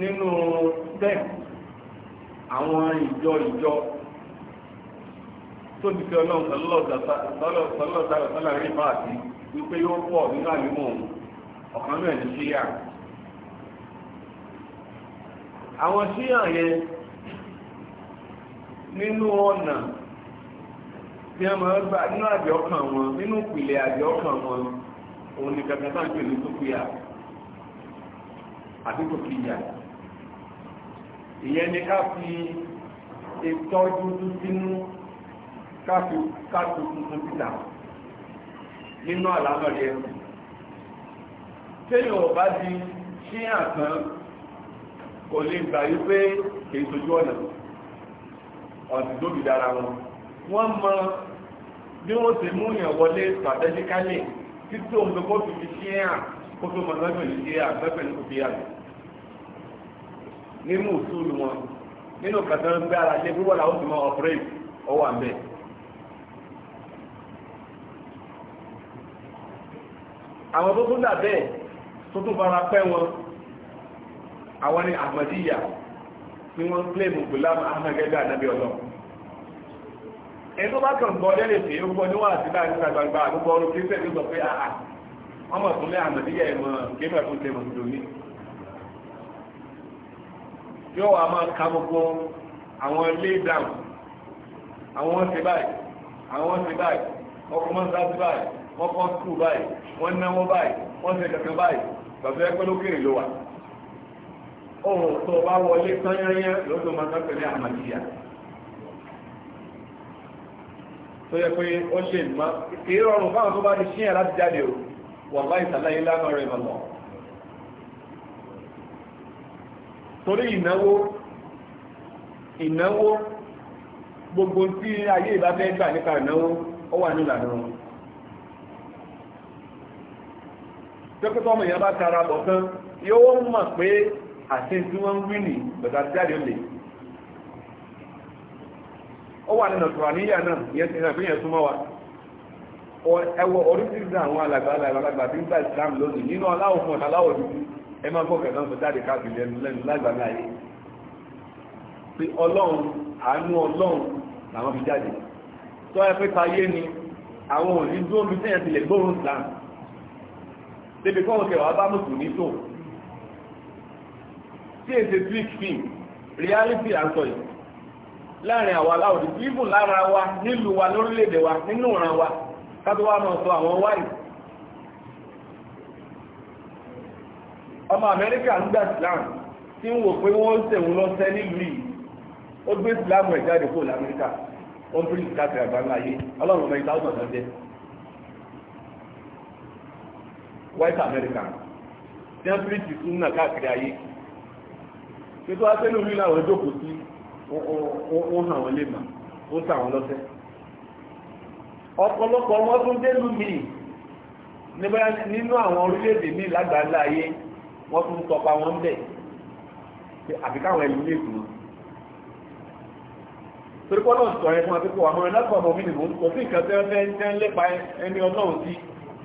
nínú tech àwọn ìjọ ìjọ tó ti fi ọlọ́run sọlọ́sọlọ́sọlọ́ rí fáàtì wípé yóò pọ̀ nínú àyímọ̀ ọ̀kan náà ní síyà àwọn síyà yẹn nínú ọ̀nà tí a máa gbà nínú àjọ ọkàn wọn nínú ìpìlẹ̀ àjọ ọkàn wọn òun ni kankan tá à ń pè ní tókìyà àti tókìyà ìyẹn ni ká fi ìtọ́jú sínú ká fi ká tuntun títà nínú àlámọ̀rí ẹ̀kùn tẹ́yìn ọ̀bá di ṣí àkàn kò lè gbà yí pé kìí sojú ọ̀nà ọ̀dì lóbi dára wọn wọ́n mọ bí wọ́n ti mú yàn wọlé strategically títí òun tó kó fi fi ṣí à kó tó mọ lọ́gbẹ̀ ní ṣí à lọ́gbẹ̀ ní kò fi àgbẹ̀ nínú òṣùlù wọn nínú kàtàkùn gbé ara lé bí àwọn tó tún dàbẹ́ tó tún fara pẹ́ wọn àwọn ni ahmadiyya tí wọ́n kílèmù gùlámù ahmagẹ́gbẹ́ ànábí ọlọ́ ẹni tó bá kàn gbọ́ lẹ́lẹ̀ tí ó gbọ́ níwọ̀n àti láàrin ìta gbangba àgbúgbọ́ ọrùn kí sẹ́ni sọ pé àà ah, ah, wọ́n lay down àwọn ṣe báyìí àwọn ṣe báyìí ọkùnrin máa ń sá sí báyìí wọ́n kọ́ skul báyìí wọ́n náwó báyìí wọ́n ṣe kankan báyìí bàbá ẹ pẹ́lú kéré ló wà. ohun tó bá wọlé tányányá lọ́dún máa tán pẹ̀lú àmàlìyà. tó yẹ pé ó lè má kì rọrùn fáwọn tó bá di ṣíyàn láti jáde o wọ́n bá ìsàlàyé lánàá rẹ̀ mọ̀ torí ìnáwó ìnáwó gbogbo tí ayé ìbá fẹ́ gbà nípa ìnáwó ó wà nílànà wọn dókítà ọmọ èèyàn bá tara bọ̀ tán yóò mọ̀ pé àti tí wọ́n ń wí nì bàtà jáde lè ó wà nínú tùrà níyà náà ìyẹn ti rẹ̀ fíyẹn súnmọ́ wa ẹwọ oríṣiríṣi àwọn alàgbà alàgbà tí ń gba ìsìlámù lónìí nínú aláwọ̀ fún ọ̀nà aláwọ̀ dúdú ẹ máa gbọ́kẹ̀ náà jáde káàkiri lẹ́nu lẹ́nu lágbà náà yé pé ọlọ́run àánú ọlọ́run làwọn fi jáde tọ́ ẹ pé tayé ni àwọn òní dúró mi sẹ́yìn tilẹ̀ gbóhùn ìsìlámù débi kọ́wọ́ kẹwàá bá mùsùlùmí tó tí trick film reality and yìí láàrin àwọn aláwọ̀ even lára wa nílùú wa lórílẹ̀-èdè wa nínú ìran wa kátó wá sọ àwọn wáyé ọmọ amẹ́ríkà ń gbà tí ń wò pé wọ́n ń tẹ̀wọ́n nílùú yìí ó gbé ẹ̀ jáde kó lamẹ́ríkà ń káàkiri àgbáńlá white america tí wọ́n píríṣì súnà káàkiri ayé ètò asẹ́lù mi làwọn jókòó sí ó hàn wọ́n lè mà ó sà wọ́n lọ́sẹ̀ ọ̀pọ̀lọpọ̀ wọn tún délùú mi nínú àwọn orílẹ̀-èdè míì lágbàlá ayé wọ́n tún tọpa wọn bẹ̀ àbí káwọn ẹlú lè dùn torí pọ́nà sọ̀rọ̀ fún akẹ́kọ̀ọ́ àwọn ẹlẹ́kọ̀ọ́ ọmọ mi nìbò kò sí nǹkan tẹ́lẹ̀ ń lépa ẹni ọlọ́run sí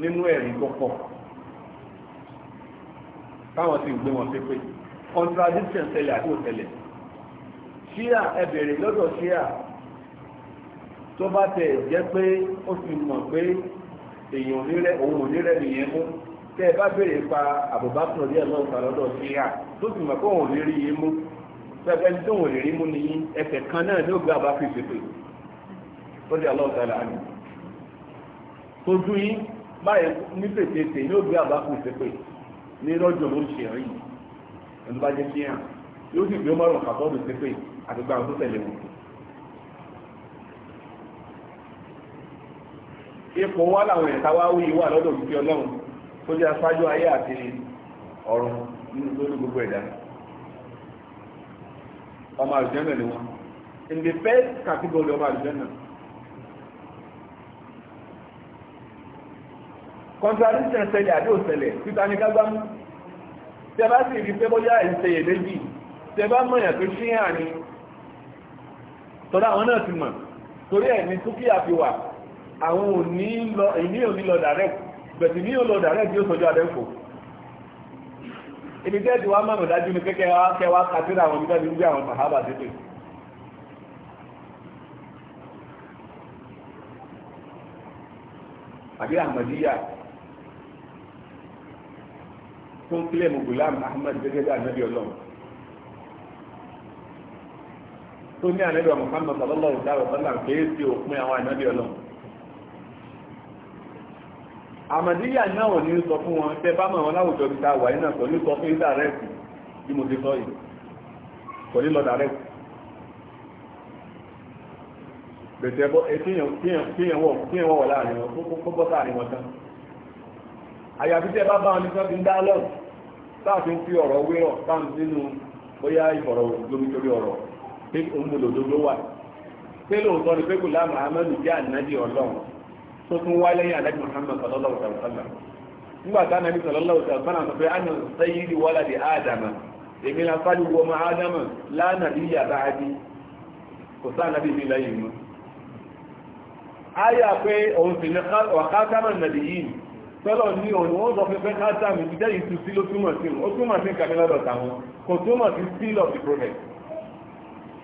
nínú ẹ̀rí tó pọ̀ káwọn sì gbé wọn pépé contradiction tẹ̀lé àti òtẹ̀lẹ̀ ṣíà ẹ bèrè lọ́dọ̀ ṣíà tó bá tẹ̀ jẹ́ pé ó fi mọ̀ pé èèyàn onírẹ́ òun onírẹ́ nìyẹn mú tẹ́ ẹ bá bèrè pa àbùbákan díẹ̀ náà ta lọ́dọ̀ ṣíà tó sì mọ̀ pé òun ò ní rí yín mú pẹ̀lú ẹni tó òun ò ní rí mú nìyí ẹsẹ̀ kan náà ní ògbà bá ṣètò ó di aláwọ̀ tààlà tó dún yín báyẹn ní pètètè yóò gbé àbá kù sí pé ní lọ́jọ́ ló ń ṣe rí ẹni bá jẹ́ sí hàn yóò sì gbé mọ́rùn kàtọ́ọ̀dù sí pé àgbègbè àwọn tó tẹ̀lé wọn. ipò wá làwọn ẹ̀ka wá wí wà lọ́dọ̀ òkúté ọlọ́run tó jẹ́ aṣáájú ayé àti ọ̀run nínú tó ní gbogbo ẹ̀dá ọmọ àlùjẹ́nà ni wọn in the first category ọmọ àlùjẹ́nà contradiction ṣẹlẹ̀ àbí òṣẹlẹ̀ títà ní kágbámú tẹ bá sì rí pé bóyá ìṣẹyẹ méjì tẹ bá mọ̀yàn tó ṣí hàn ní tọ́lá àwọn náà ti mọ̀ torí ẹ̀ ní túkìá fi wà àwọn òní lọ ìní òní lọ direct bẹ̀tì ní òlò direct yóò sọjọ́ adẹ́fò ibi tẹ́ẹ̀tì wá mọ̀nà dájú ní kékeré wá kẹwàá kàtíra àwọn ìgbẹ́ ìgbẹ́ àwọn sàhábà àbí àmàdíyà tó ń kílẹ̀ mọ̀ Gulam Ahmad gẹ́gẹ́ bí ànábì ọlọ́run tó ní ànábì Muhammad sallallahu alaihi wa sallam kéé sí òpin àwọn ànábì ọlọ́run àmàdíyà náà ní sọ fún wọn tẹ bá mọ̀ wọn láwùjọ ti ta wà ní náà pẹ̀lú sọ fún ìdárẹ́kù bí mo ti sọ yìí kò ní lọ dárẹ́kù bẹ̀tẹ̀ bọ́ kíyànwọ̀ wọ̀ láàrin wọn kó bọ́ sáàrin wọn tán àyàfi tẹ bá bá wọn ní sọ fi ń dá lọ́rùn táàfin fi ọ̀rọ̀ wérọ̀ táàm nínú bóyá ìfọ̀rọ̀ lómitorí ọ̀rọ̀ pé òun lòdodo wà pé lóòótọ́ ni pé kò láàmú amẹ́lù jẹ́ ànábì ọlọ́run tó tún wá lẹ́yìn ànábì Muhammad sallallahu alaihi wa sallam nígbà tá ànábì sallallahu alaihi wa sallam sọ pé àná sayyidi waladi ádámà èmi la fájú wọ ọmọ ádámà lánàbí yàrá adi kò sá ànábì mi lẹ́yìn mọ́. áyà pé òun sì ní wàkátàmà nàbì tọ́lọ̀ ní ọ̀nà wọ́n sọ pé adam ìdíjẹ́ yìí sí ló túmọ̀ sí ó túmọ̀ sí nǹkan lọ́dọ̀ kò túmọ̀ sí seal of the prophet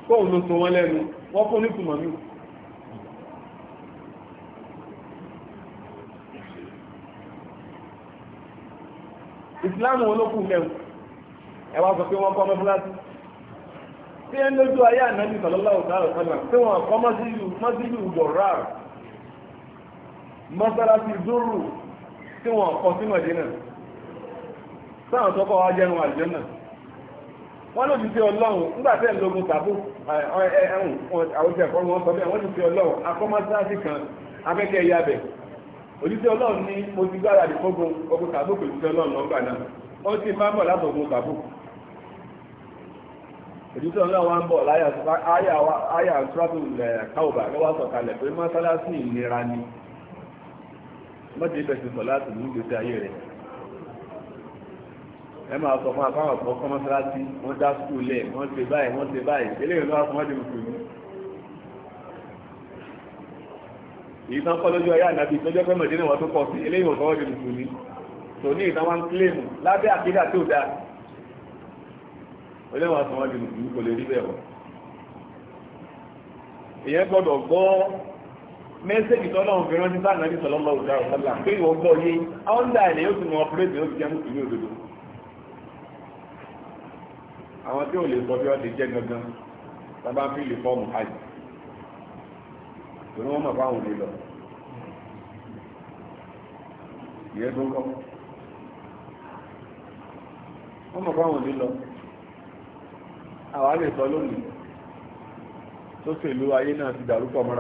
kóun ló so wọn lẹ́nu wọ́n fún nítumọ̀ mi. ìsìláàmù olókùn mẹ́wù ẹ sọ pé wọ́n kọ́ mọ́sálásí tí ẹ lójú ayé ànábì sọlọ́láwò sáré sọ́nà tí wọ́n kọ́ mọ́sílù dọ̀rá mọ́sálásí dúró tí wọ́n kọ sí mọ̀dínà sáwọn tó kọ́ wá jẹ́nu àlùjànnà wọ́n ló ti ṣe ọlọ́run nígbàtẹ́ ìlógún tàbú ẹ̀hùn àwọ̀tẹ́ ẹ̀kọ́ wọn sọ bẹ́ẹ̀ wọ́n ti ṣe ọlọ́run akọ́mọ́sáàsì kan afẹ́kẹ́ yabẹ̀ òjíṣẹ́ ọlọ́run ní mo ti gbára dì fógun ogun tàbú pẹ̀lú ṣe ọlọ́run lọ́gbà náà ó ti máa bọ̀ látọ̀gun tàbú òjíṣẹ́ ọlọ́run wa ń bọ̀ láyà sọ́tàlẹ̀ pé mọ́sálásì ìlera ni mọ́tì ibẹ̀ ti sọ láti ní ìgbésí ayé rẹ̀ ẹ máa sọ fún apáwọn ọ̀pọ̀ kọ́mọ́sáláṣí wọ́n dá skul lẹ̀ wọ́n ṣe báyìí wọ́n ṣe báyìí eléyìí lọ́wọ́ fún mọ́tì mùsùlùmí. èyí tán kọ́ lójú ayé ànábì tó jẹ́ pé mọ̀dínà wọ́n tó kọ sí eléyìí wọ́n fọwọ́ di mùsùlùmí tò ní ìtàn wọn kílèmù lábẹ́ àkídà tó dáa eléyìí wọ́n fọwọ́ di mùsùlùmí kò lè rí mẹ́sẹ̀gì tọ́lọ́ òfin rántí sáà nàbí sọlọ́mọ òjá òsálà pé ìwọ gbọ́ yé ọ́ndà ẹ̀ yóò tún mọ ọpúrẹ́tì yóò fi jẹ́ mùsùlùmí òdodo àwọn tí ò lè sọ bí wọ́n ti jẹ́ gangan tábà ń fi lè fọ́ọ̀mù hajj torí wọ́n mọ̀ fáwọn òde lọ ìyẹn tó ń kọ́ wọ́n mọ̀ fáwọn òde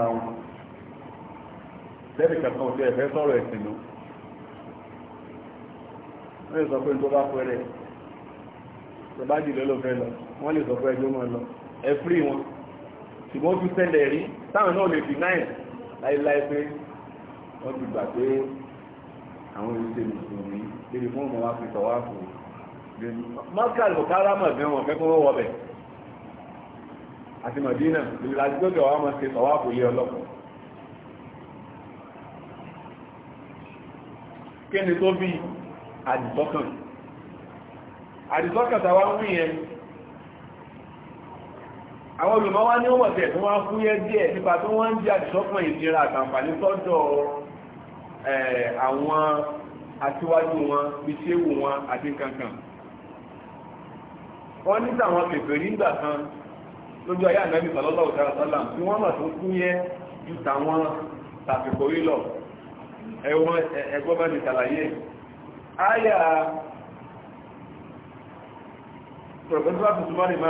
lọ lẹ́nì kankan òtí ẹ̀fẹ́ sọ̀rọ̀ ẹ̀sìn ló wọ́n lè sọ pé tó bá pẹ́rẹ́ tó bá jìlẹ̀ ló fẹ́ lọ wọ́n lè sọ pé ẹjọ́ máa lọ ẹ fírí wọn ṣùgbọ́n tún sẹ́lẹ̀ rí táwọn náà lè dìnáì láéláé pé wọ́n ti gbà pé àwọn ìṣe mùsùlùmí débi fún ọmọ wa fi tọ̀ wá fún un mọ́kàlì kò kára mọ̀ gan wọn fẹ́ kó wọ́n wọ bẹ̀ àti mọ̀dínà ìlàjì tó jọ wá mọ̀ ṣe tọ̀ wá fún ilé ọlọ́pàá kí ni tó bí àdìsọ́kàn àdìsọ́kàn tàwa ń wí yẹn àwọn olùmọ́ wá ní ọmọ tẹ̀ tó wá fúyẹ́ díẹ̀ nípa tó wọ́n ń jẹ́ àdìsọ́kàn ìdíra àtàǹfààní sọ́dọ̀ àwọn aṣíwájú wọn iṣẹ́wò wọn àti kankan wọ́n ní tàwọn kèfèrí ńgbà kan lójú ayé ànábì sàlọ́lọ́ òtara sálàm tí wọ́n mọ̀ tó fúyẹ́ ju tàwọn tàfikòrí lọ ẹ̀wọ̀n ẹ̀gbọ́n bá ní ṣàlàyé àyà pẹ̀lú àtúntúmọ́rin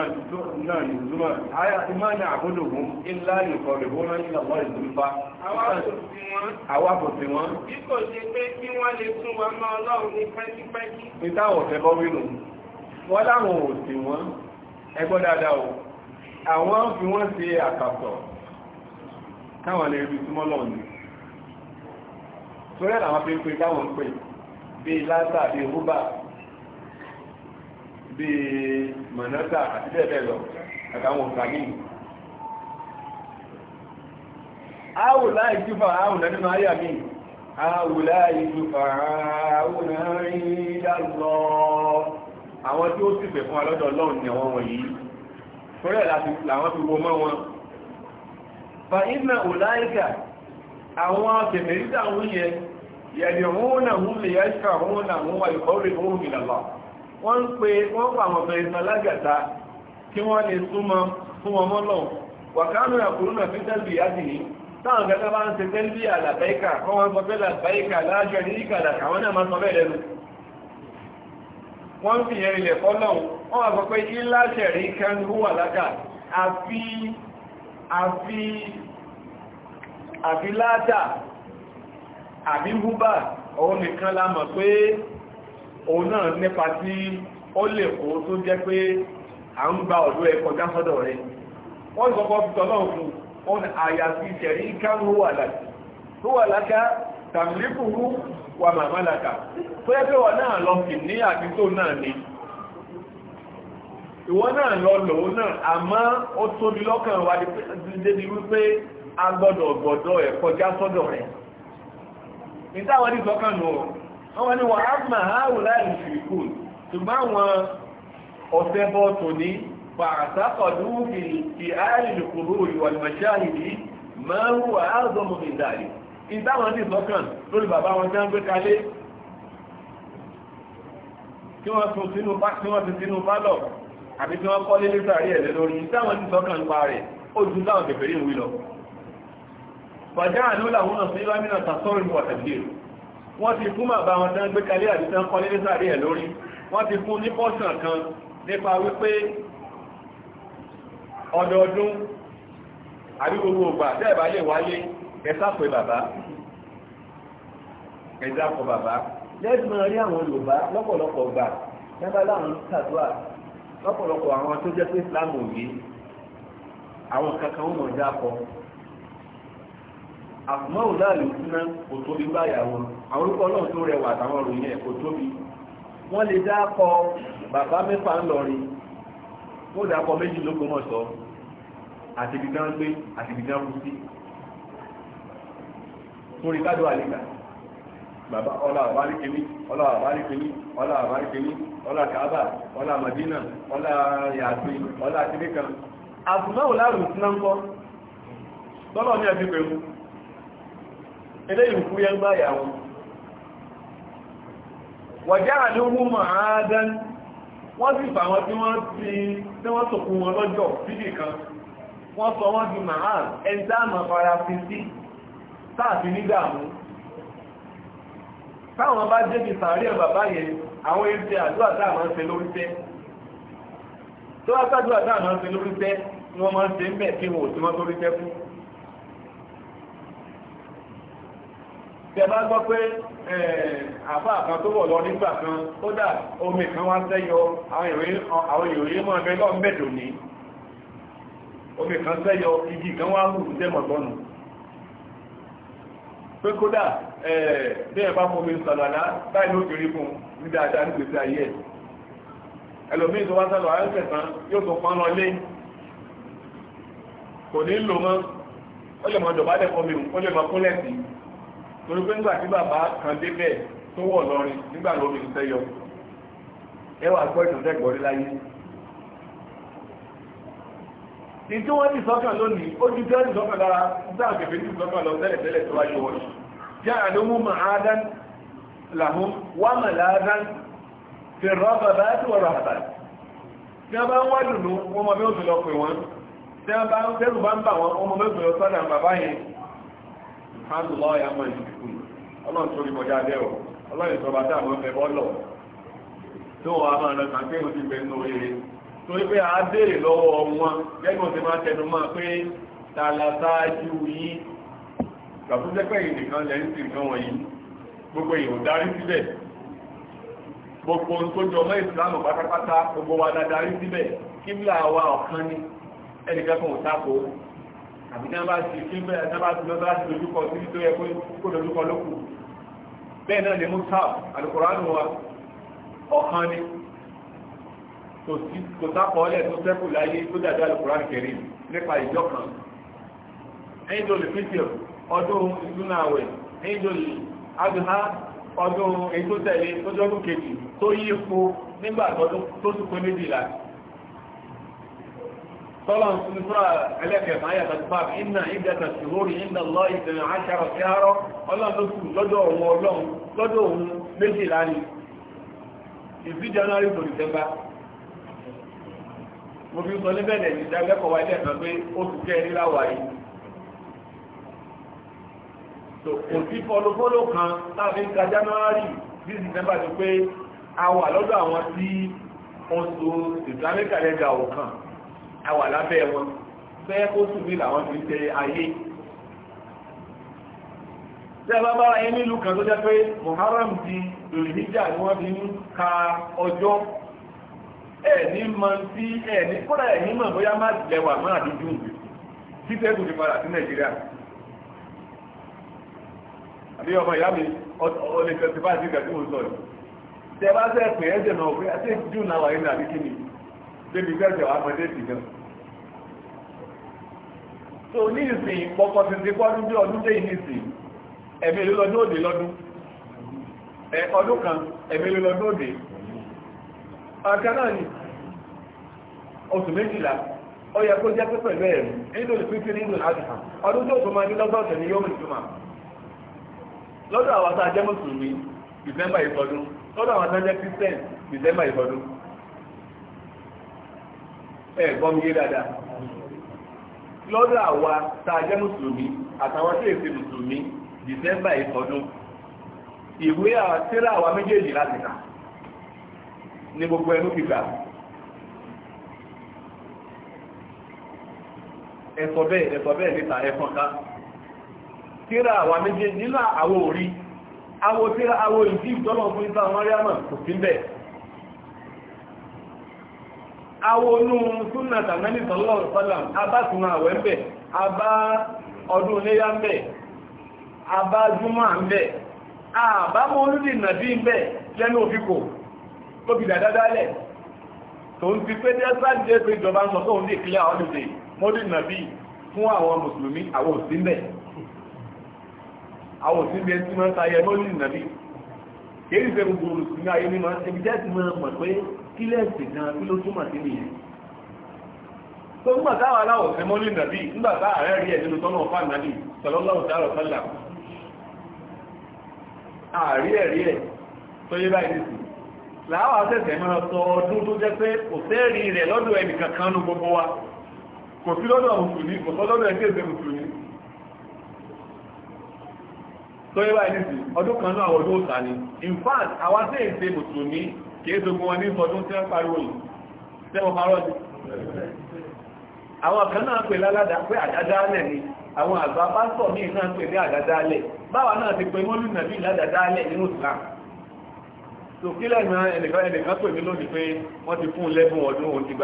náà ní ìzúmọ̀ àyà ìmọ̀ ní àbúdògún ilá ìkọ̀rẹ̀bọ́ náà ní àwọn ìzúmọ̀ àwọn àpòsí wọn bí kò ṣe pé kí wọ́n lè tún wa mọ́ ọlọ́run ní pẹ́kípẹ́kí ní táwọn ọ̀fẹ́ bọ́ wínú wọ́n láwọn ò sí o àwọn fi wọ́n ṣe àkàtọ̀ táwọn lè rí túmọ́ lọ́nà torí ẹ̀ làwọn fi ń pè táwọn ń pè bíi lásà bíi húbà bíi mọ̀nàtà àti bẹ́ẹ̀ bẹ́ẹ̀ lọ àtàwọn òǹkàní. áwò láì júfà áwò nánú ayà mi áwò láì júfà áwò náà rí dálọ́ àwọn tí ó sì pè fún alọ́dọ̀ ọlọ́run fa ìdínà ò àwọn àtẹ̀mẹ̀rídà wọ́n yẹ yẹ̀dẹ̀ òun náà hún lè yẹ́ṣkà òun náà hún wà ìkọ́rì òun ìlàlá wọ́n ń pe wọ́n pa àwọn ọ̀bẹ̀rẹ̀ sàlágàta kí wọ́n lè súnmọ́ fún ọmọ náà wàkánù àkùrú náà fi tẹ́lbì yáàdì ní táwọn gẹ́gẹ́ bá ń ṣe tẹ́lbì àlàbáìkà kọ́ wọ́n sọ pé làbáìkà láàjọ ní ìkàlà káwọn náà máa sọ bẹ́ẹ̀ lẹ́nu wọ́n fi yẹn ilẹ̀ fọ́lọ́hun wọ́n wà sọ pé ilá ṣẹ̀rí kan wà lákà àfi àfi àbí látà àbí húbà òun nìkan la mọ̀ pé òun náà nípa tí ó lè kó tó jẹ́ pé à ń gba ọ̀dọ́ ẹ kọjá sọ́dọ̀ rẹ̀ wọ́n sọ́kọ́ fi tọ́lọ́ òfin òun àyàfi ìṣẹ̀rí kárùn wà láti tó wà láká tàbílíkùrú wà màmá láká tó yẹ pé wọ́n náà lọ kì ní àti tó náà ni ìwọ́n náà lọ lòun náà àmọ́ ó tóbi lọ́kàn wa débi wípé agbọ́dọ̀ gbọ́dọ̀ ẹ̀ kọjá sọ́dọ̀ rẹ̀ nítawọ́ ní sọ́kàn nù ọ́ wọ́n ní wọ́n á mà á wù láì ṣìkú ṣùgbọ́n àwọn ọ̀sẹ̀ bọ́ tòní pàṣàkọ̀dù fi àárín ìkòrò ìwàlùmọ̀ṣáàlì máa ń wà áàzọmù ìdàrí ìtàwọn ní ìsọ́kàn lórí bàbá wọn tí wọ́n gbé kalé tí wọ́n tún sínú pálọ̀ àbí tí wọ́n kọ́ lé lé sàárẹ̀ lórí ìtàwọn ní ìsọ́kàn pa rẹ̀ ó ju táwọn kẹfẹ̀rí ìwé lọ fàjá àlúlà wọn sí ìwámínà tàṣọ́rìn wà tàbílì wọ́n ti fún bàbá wọn tán gbé kalẹ̀ àdìsán kọlé ní sàárẹ̀ ẹ̀ lórí wọ́n ti fún ní pọ́sàn kan nípa wípé ọdọọdún àbí gbogbo ògbà tẹ́ẹ̀bá lè wáyé ẹ̀sàpẹ̀ bàbá ẹ̀sàpọ̀ bàbá lẹ́gbọ̀n rí àwọn Yorùbá lọ́pọ̀lọpọ̀ gbà nígbà láwọn kàdúà lọ́pọ̀lọpọ̀ àwọn tó jẹ́ pé Islam àkùnmọ́wò láàrin súná kò tóbi báyàwó àwọn orúkọ náà tó rẹwà àtàwọn òròyìn ẹ̀ kò tóbi wọ́n lè dákọ bàbá mẹ́fà ńlọrin ó dákọ méjì lógbómọ̀ṣọ́ àtìbìdán gbé àtìbìdán kú sí torí kádò àlíkà bàbá ọlá àbáríkèmí ọlá àbáríkèmí ọlá àbáríkèmí ọlá kàábà ọlá Madina ọlá yàtúí ọlá kìnìkan àbùmáwò láàrin súná ńkọ tọ́lọ́ ní ẹbí pẹ̀lú eléyìí kú yẹn gbá ìyàwó wàjá àdúgbò màádán wọ́n sì fà wọn tí wọ́n ti tí wọ́n tòkú wọn lọ́jọ́ fídì kan wọ́n sọ wọ́n di màád ẹ̀ńdáàmà fara fi sí sáàfin nídàmú táwọn bá jẹ́ ti sàárẹ̀ bàbá yẹn àwọn ẹ̀ńtẹ́ àdúrà táwọn ń ṣe lórí tẹ́ tó wá sáàdúrà táwọn ń ṣe lórí tẹ́ wọ́n máa ń ṣe ń bẹ̀ kí wọn ò sí tẹ́ fún bá gbọ́ pé àfá kan tó bọ̀ lọ nígbà kan ó dà omi kan wá sẹ́yọ àwọn ìròyìn mọ́ ẹgbẹ́ lọ mẹ́dò ní omi kan sẹ́yọ igi kan wá hù tẹ́mọ̀tọ́nù pé kódà bí ẹ bá fọmi sọ̀lọ̀lá báyìí ló kiri fún ní dáadáa ní gbèsè ayé ẹlòmí tó wá sọ̀lọ̀ ayọ́sẹ̀sán yóò tó pọ́n lọ lé kò ní lò mọ́ ó lè mọ́ dọ̀bálẹ̀ fọmi ó lè mọ́ kúnlẹ̀ sí i torí pé nígbà tí bàbá kan débẹ̀ tó wọ̀ lọ́rin nígbà lómi ń fẹ́ yọ ẹ wà gbọ́ ìtàn tẹ́gbọ́ rí láyé ní tí wọ́n ní sọ́kàn lónìí ó ti tẹ́lẹ̀ sọ́kàn lára dáa kẹfẹ́ ní sọ́kàn lọ tẹ́lẹ̀ tẹ́lẹ̀ tó wáyé wọ́n jẹ́ àdómú màádán làhún wà màládán fi rọ́bà bá tí wọ́n rọ̀bà tí wọ́n bá ń wá dùnú wọ́n mọ̀ bí ó lọ pè wọ́n tí wọ́n bá ń bà wọ́n mọ̀ bí ó lọ sọ́dà bàbá yẹn hàndùlọ́ ọ̀yà mọ̀ ìdìkùn ọlọ́run tó rí kọjá lẹ́ ọ̀ ọlọ́run tó bá dá àwọn ọmọ ọlọ́ tó wà máa lọ sàn pé mo ti bẹ nù oríire tó ní pé a béèrè lọ́wọ́ wọn gẹ́gẹ́ mo ti máa tẹnu mọ́ pé tàlàtàájú yìí gbàtú jẹ́pẹ́ yìí nìkan lẹ́ ń sì nǹkan wọ̀nyí gbogbo èèyàn darí síbẹ̀ gbogbo ohun tó jọmọ́ ìsìlámù pátápátá gbogbo wa darí síbẹ̀ kíbla wa ọ̀kan ni ẹnìkan kan àbí tí wọ́n bá ti fi bẹ́ẹ̀ tí wọ́n bá ti lọ bá ti dojúkọ sí tó yẹ kó dojúkọ lókù bẹ́ẹ̀ náà lè mú táà àlùkòránù wa ọ̀kan ni kò sákọọ́lẹ̀ tó sẹ́kù láyé tó dàbí àlùkòránù kẹrin nípa ìjọ kan ẹ̀yìn tó lè fíjì ọdún ìdúnà àwẹ̀ ẹ̀yìn tó lè adùnhá ọdún èyí tó tẹ̀lé tó jọ́dún kejì tó yí epo nígbà tó tún pé méjìlá طلعوا في النساء علاقة معايا تدفع إن عدة الشهور عند الله إثنى عشر شهرا الله نسكو لدوهم والله لدوهم méjì láàrin ìsí january to december mo fi sọ níbẹ̀rẹ̀ ìdálẹ́kọ̀ọ́ wa ilé ẹ̀sán pé oṣù kẹrin láwà yìí so kò sí fọlọfọlọ kan láti ń ka january sí december ti pé a wà lọ́dọ̀ àwọn tí oṣù islamic calendar ò kàn àwà lábẹ́ wọn fẹ́ kó sùn mí làwọn fi tẹ ayé tẹ́lá bára yẹn nílùú kan tó jẹ́ pé Muharram di ni wọ́n fi ń ka ọjọ́ ẹ̀ẹ̀ní mọ sí ẹ̀ẹ̀ní kódà ẹ̀ẹ̀ní mọ̀ bóyá má lẹ́wà má àdújú ti bá ti gàdúrà náà pé àti jù náà wà nínú àbíkí débi tẹ́jọ̀ amọ̀dé ti gan. tó ní ìsìn pọ̀pọ̀ ti ti pọ́ níbi ọdún dé ìnísìn ẹ̀mí lọ́dún òde lọ́dún ọdún kan ẹ̀mí lọ́dún òde ọ̀kan náà ni oṣù méjìlá ó yẹ kó jẹ́ pé pẹ̀lú ẹ̀rù nínú ìpínpín nínú àdìsá ọdún tó tó máa ní lọ́sọ̀ọ̀sẹ̀ ni yóò mú ìtumà lọ́dọ̀ àwọn tá a jẹ́ mùsùlùmí December ìfọdún lọ́dọ̀ àwọn tá a jẹ́ Christian December ìfọdún ẹ̀gbọ́n mi yé dáadáa lọ́dọ̀ àwa tá jẹ́ mùsùlùmí àtàwọn tí èsì mùsùlùmí dìsẹ́mbà ìtọ́dún ìwé àtẹ́rà àwa méjèèjì láti kà ní gbogbo ẹnu kíkà bẹ́ẹ̀ ẹ̀sọ̀ bẹ́ẹ̀ níta ẹ̀fọn ká tíra méjèèjì nínú tíra ìdí awonú súnà tàmẹ́lì sọ́lọ́rọ̀ sọ́lá abásùnmọ̀ àwẹ̀ ń bẹ̀ abá ọdún iléyá ń bẹ̀ abá júmọ́ ń bẹ̀ àbámọ́ olúdì nàbí ń bẹ̀ lẹ́nu òfíkò tó fi dàdádálẹ̀ tó ń ti pé ní ẹ́sàdìdẹ́ pé ìjọba ń sọ tó ń dì kílẹ̀ ọdúnlẹ̀ mọ́dì nàbí fún àwọn mùsùlùmí àwọn òsínbẹ̀ àwọn òsínbẹ̀ tí wọ́n ń tayẹ mọ́dì nàbí kì í ṣe gbogbo mùsùlùmí ayé mímọ́ ẹbí kílẹ̀sì gan kí ló túmọ̀ sí nìyẹn tó ń gbàtà wà láwọ̀ fẹ́ mọ́lé nàbí ńgbàtà ààrẹ rí ẹ̀ nínú tọ́nà ọ̀fà nàbí sọlọ́láwù dárọ̀ sọ́là ààrí ẹ̀ rí ẹ̀ tó yé báyìí nìsí láwọ̀ àṣẹ̀ṣẹ̀ máa sọ ọdún tó jẹ́ pé kò sẹ́ẹ̀rí rẹ̀ lọ́dọ̀ ẹnì kankan nú gbogbo wa kò sí lọ́dọ̀ mùsùlùmí kò sọ lọ́dọ̀ ẹgbẹ́ ìgbẹ́ mùsùlùmí tó yé báyìí nìsí ọdún kan náà ọdún òsà ni in fact àwa sí èsè mùsùlùmí kìí tó wọn ní ọdún tí wọ́n pariwo yìí tẹ́wọ̀n parọ́ ni àwọn kan náà pè láládàá pé àdádálẹ̀ ni àwọn àgbà pásítọ̀ míì náà pè ní àdádálẹ̀ báwa náà ti pè wọ́n lùnà bíi ládàdálẹ̀ nínú Islam tó kí lẹ́nu ẹnìkan pè mí lónìí pé wọ́n ti fún lẹ́bùn ọdún ti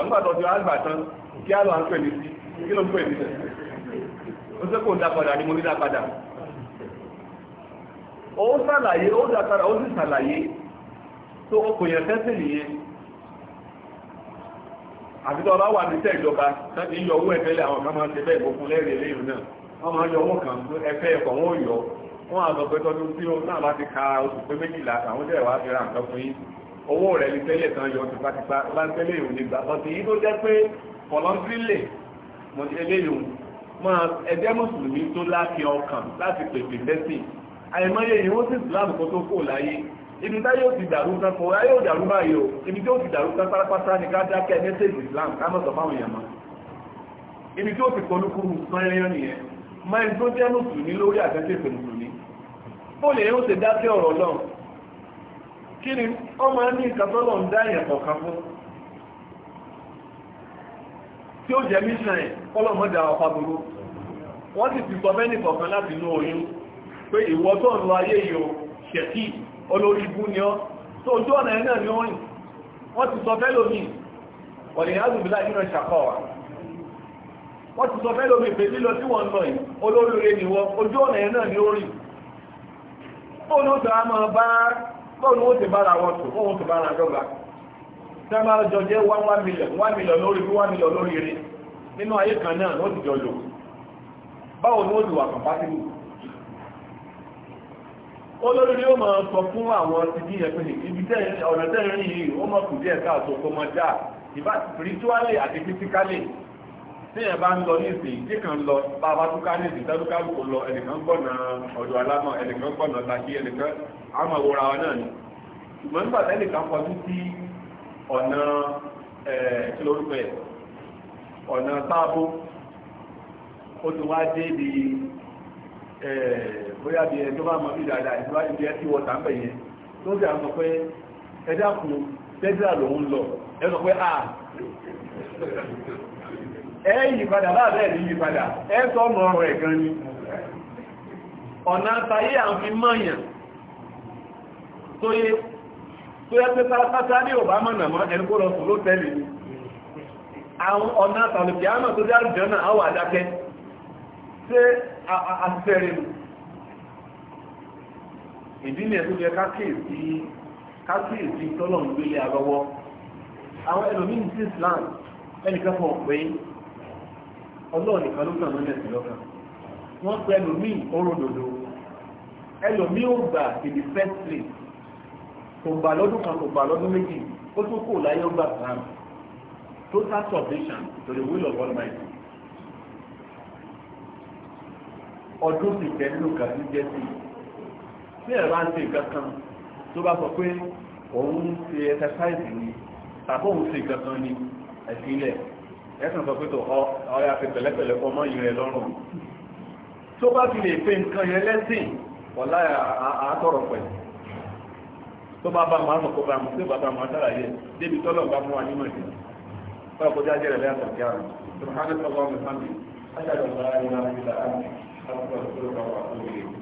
tán kí tó kò yẹ sẹ́sìn nìyẹn àti tọ́lá wà ní tẹ́jọba láti yọ owó ẹ̀fẹ́lẹ̀ àwọn kan máa ṣe bẹ́ẹ̀ gbogbo lẹ́rìí eléyìí náà wọ́n máa yọ owó kan ẹ̀fẹ́ ẹ̀kọ́ wọn ò yọ wọ́n á lọ pé tọ́dún tí ó náà láti ka oṣù pé méjìlá àwọn jẹ́ ìwà àfihàn nǹkan fún yín owó rẹ̀ ní tẹ́lẹ̀ tán yọ tipátipá láńtẹ́lẹ̀ ìhùn nígbà ọ̀sẹ̀ yìí tó jẹ́ pé kọ̀lọ́ńtìlẹ̀ mọ̀tẹ́lẹ́yìn máa ẹgbẹ́ mùsùlùmí tó láàfin ọkàn láti pèpè lẹ́sìn àìmọye ìhun sí ìsìláàmù kó tó kò láyé ibi tá yóò ti dàrú kan kò yóò dàrú o ibi tí ó ti dàrú kan pátápátá Islam ká ya fáwọn èèyàn mọ́ ibi tí ó ti kọlùkùrù pẹ́ẹ́rẹ́yàn nìyẹn máa ń tó jẹ́ lórí yẹn ó ti dákẹ́ ọ̀rọ̀ náà kí ni ó máa ní ìkàtọ́lọ̀ ń dá èèyàn kọ̀ọ̀kan fún tí ó jẹ́ wọ́n ti sọ kọ̀ọ̀kan láti inú oyún pé ayé yìí o ṣẹ̀kí olórí ibú ni ọ́ tó ojú ọ̀nà ẹ̀ náà ni ó rìn wọ́n ti sọ fẹ́lò mi ọ̀lẹ̀ yàgùnbílá nínú ìṣàkọ́ wa wọ́n ti sọ fẹ́lò mi pé lílọ tí wọ́n ń lọ yìí olórí rẹ̀ ni wọ́n ojú ọ̀nà ẹ̀ náà ni ó rìn fóònù ó tẹ̀wá máa bá fóònù ó ti bára wọn tó fóònù ó ti bára dọ́gba tí wọ́n jọ jẹ́ one one million one million lórí one million lórí rẹ̀ nínú ayé kan náà wọ́n ti jọ lò báwo ni ó ti wà kàn olórí ni ó máa sọ fún àwọn ti bí ẹ̀pẹ́ ibi tẹ́ ọ̀nà tẹ́ rìn yìí ó mọ̀ kù díẹ̀ káàtó kó mọ dáa ìbá spiritually àti physically tí ẹ̀ bá ń lọ ní ìsìn tí kan lọ bá a bá tún ká ní ìsìn tẹ́lú ká kò lọ ẹnìkan gbọ̀nà ọ̀dọ̀ alámọ̀ ẹnìkan gbọ̀nà tàkí ẹnìkan àmọ̀ ìwòra wa náà ni ṣùgbọ́n nígbà tẹ́nìkan kọjú sí ọ̀nà kí Eh, bóyá bí ya tó bá mọ bí dáadáa ti wọta ń yẹn tó sì àwọn pé ẹ dákun lòun lọ ẹ pé a ẹ yí bá bẹ́ẹ̀ ní yí ẹ ọ̀rọ̀ ẹ̀ gan ni ọ̀nà àtàyé à ń fi tó yẹ tó yẹ pé pátápátá ní ẹni kó lọ sùn ló tẹ́lẹ̀ ni àwọn ọ̀nà àtàlùkì àmọ̀ tó dá àrùjọ náà á ṣe àtẹ̀rẹ̀ nù ìdí ni ẹ̀kú tọ́lọ̀ ń gbélé àlọ́wọ́ àwọn ẹlòmíín sí Islam ẹnìkan fọ pé ọlọ́ọ̀ nìkan ló kàn lọ́lẹ̀ sí lọ́kàn wọ́n pe ẹlòmíín oródodo ẹlòmíín ò gbà in the first place kò gbà lọ́dún kan kò gbà lọ́dún méjì ó tún kò láyé ó gbà total submission to the will of Almighty. ọdún sì jẹ́ nínú kan ní jẹ́ sí tí ẹ̀rọ ń ṣe nǹkan tó bá sọ pé òun ń ẹsẹsáìsì ni tàbí òun ṣe nǹkan kan ni ẹ̀sìnlẹ̀ ẹ̀sìn sọ pé tó ọ̀rẹ́ àti pẹ̀lẹ́pẹ̀lẹ́ fọmọ ìrìn lọ́rùn tó bá fi lè pe nǹkan yẹn lẹ́sìn ọ̀la àátọ̀rọ̀ pẹ̀lú tó bá bá máa mọ̀kọ́ bá mú sí bàbá máa sàlàyé débi tọ́lọ̀ har kwanci da kwanci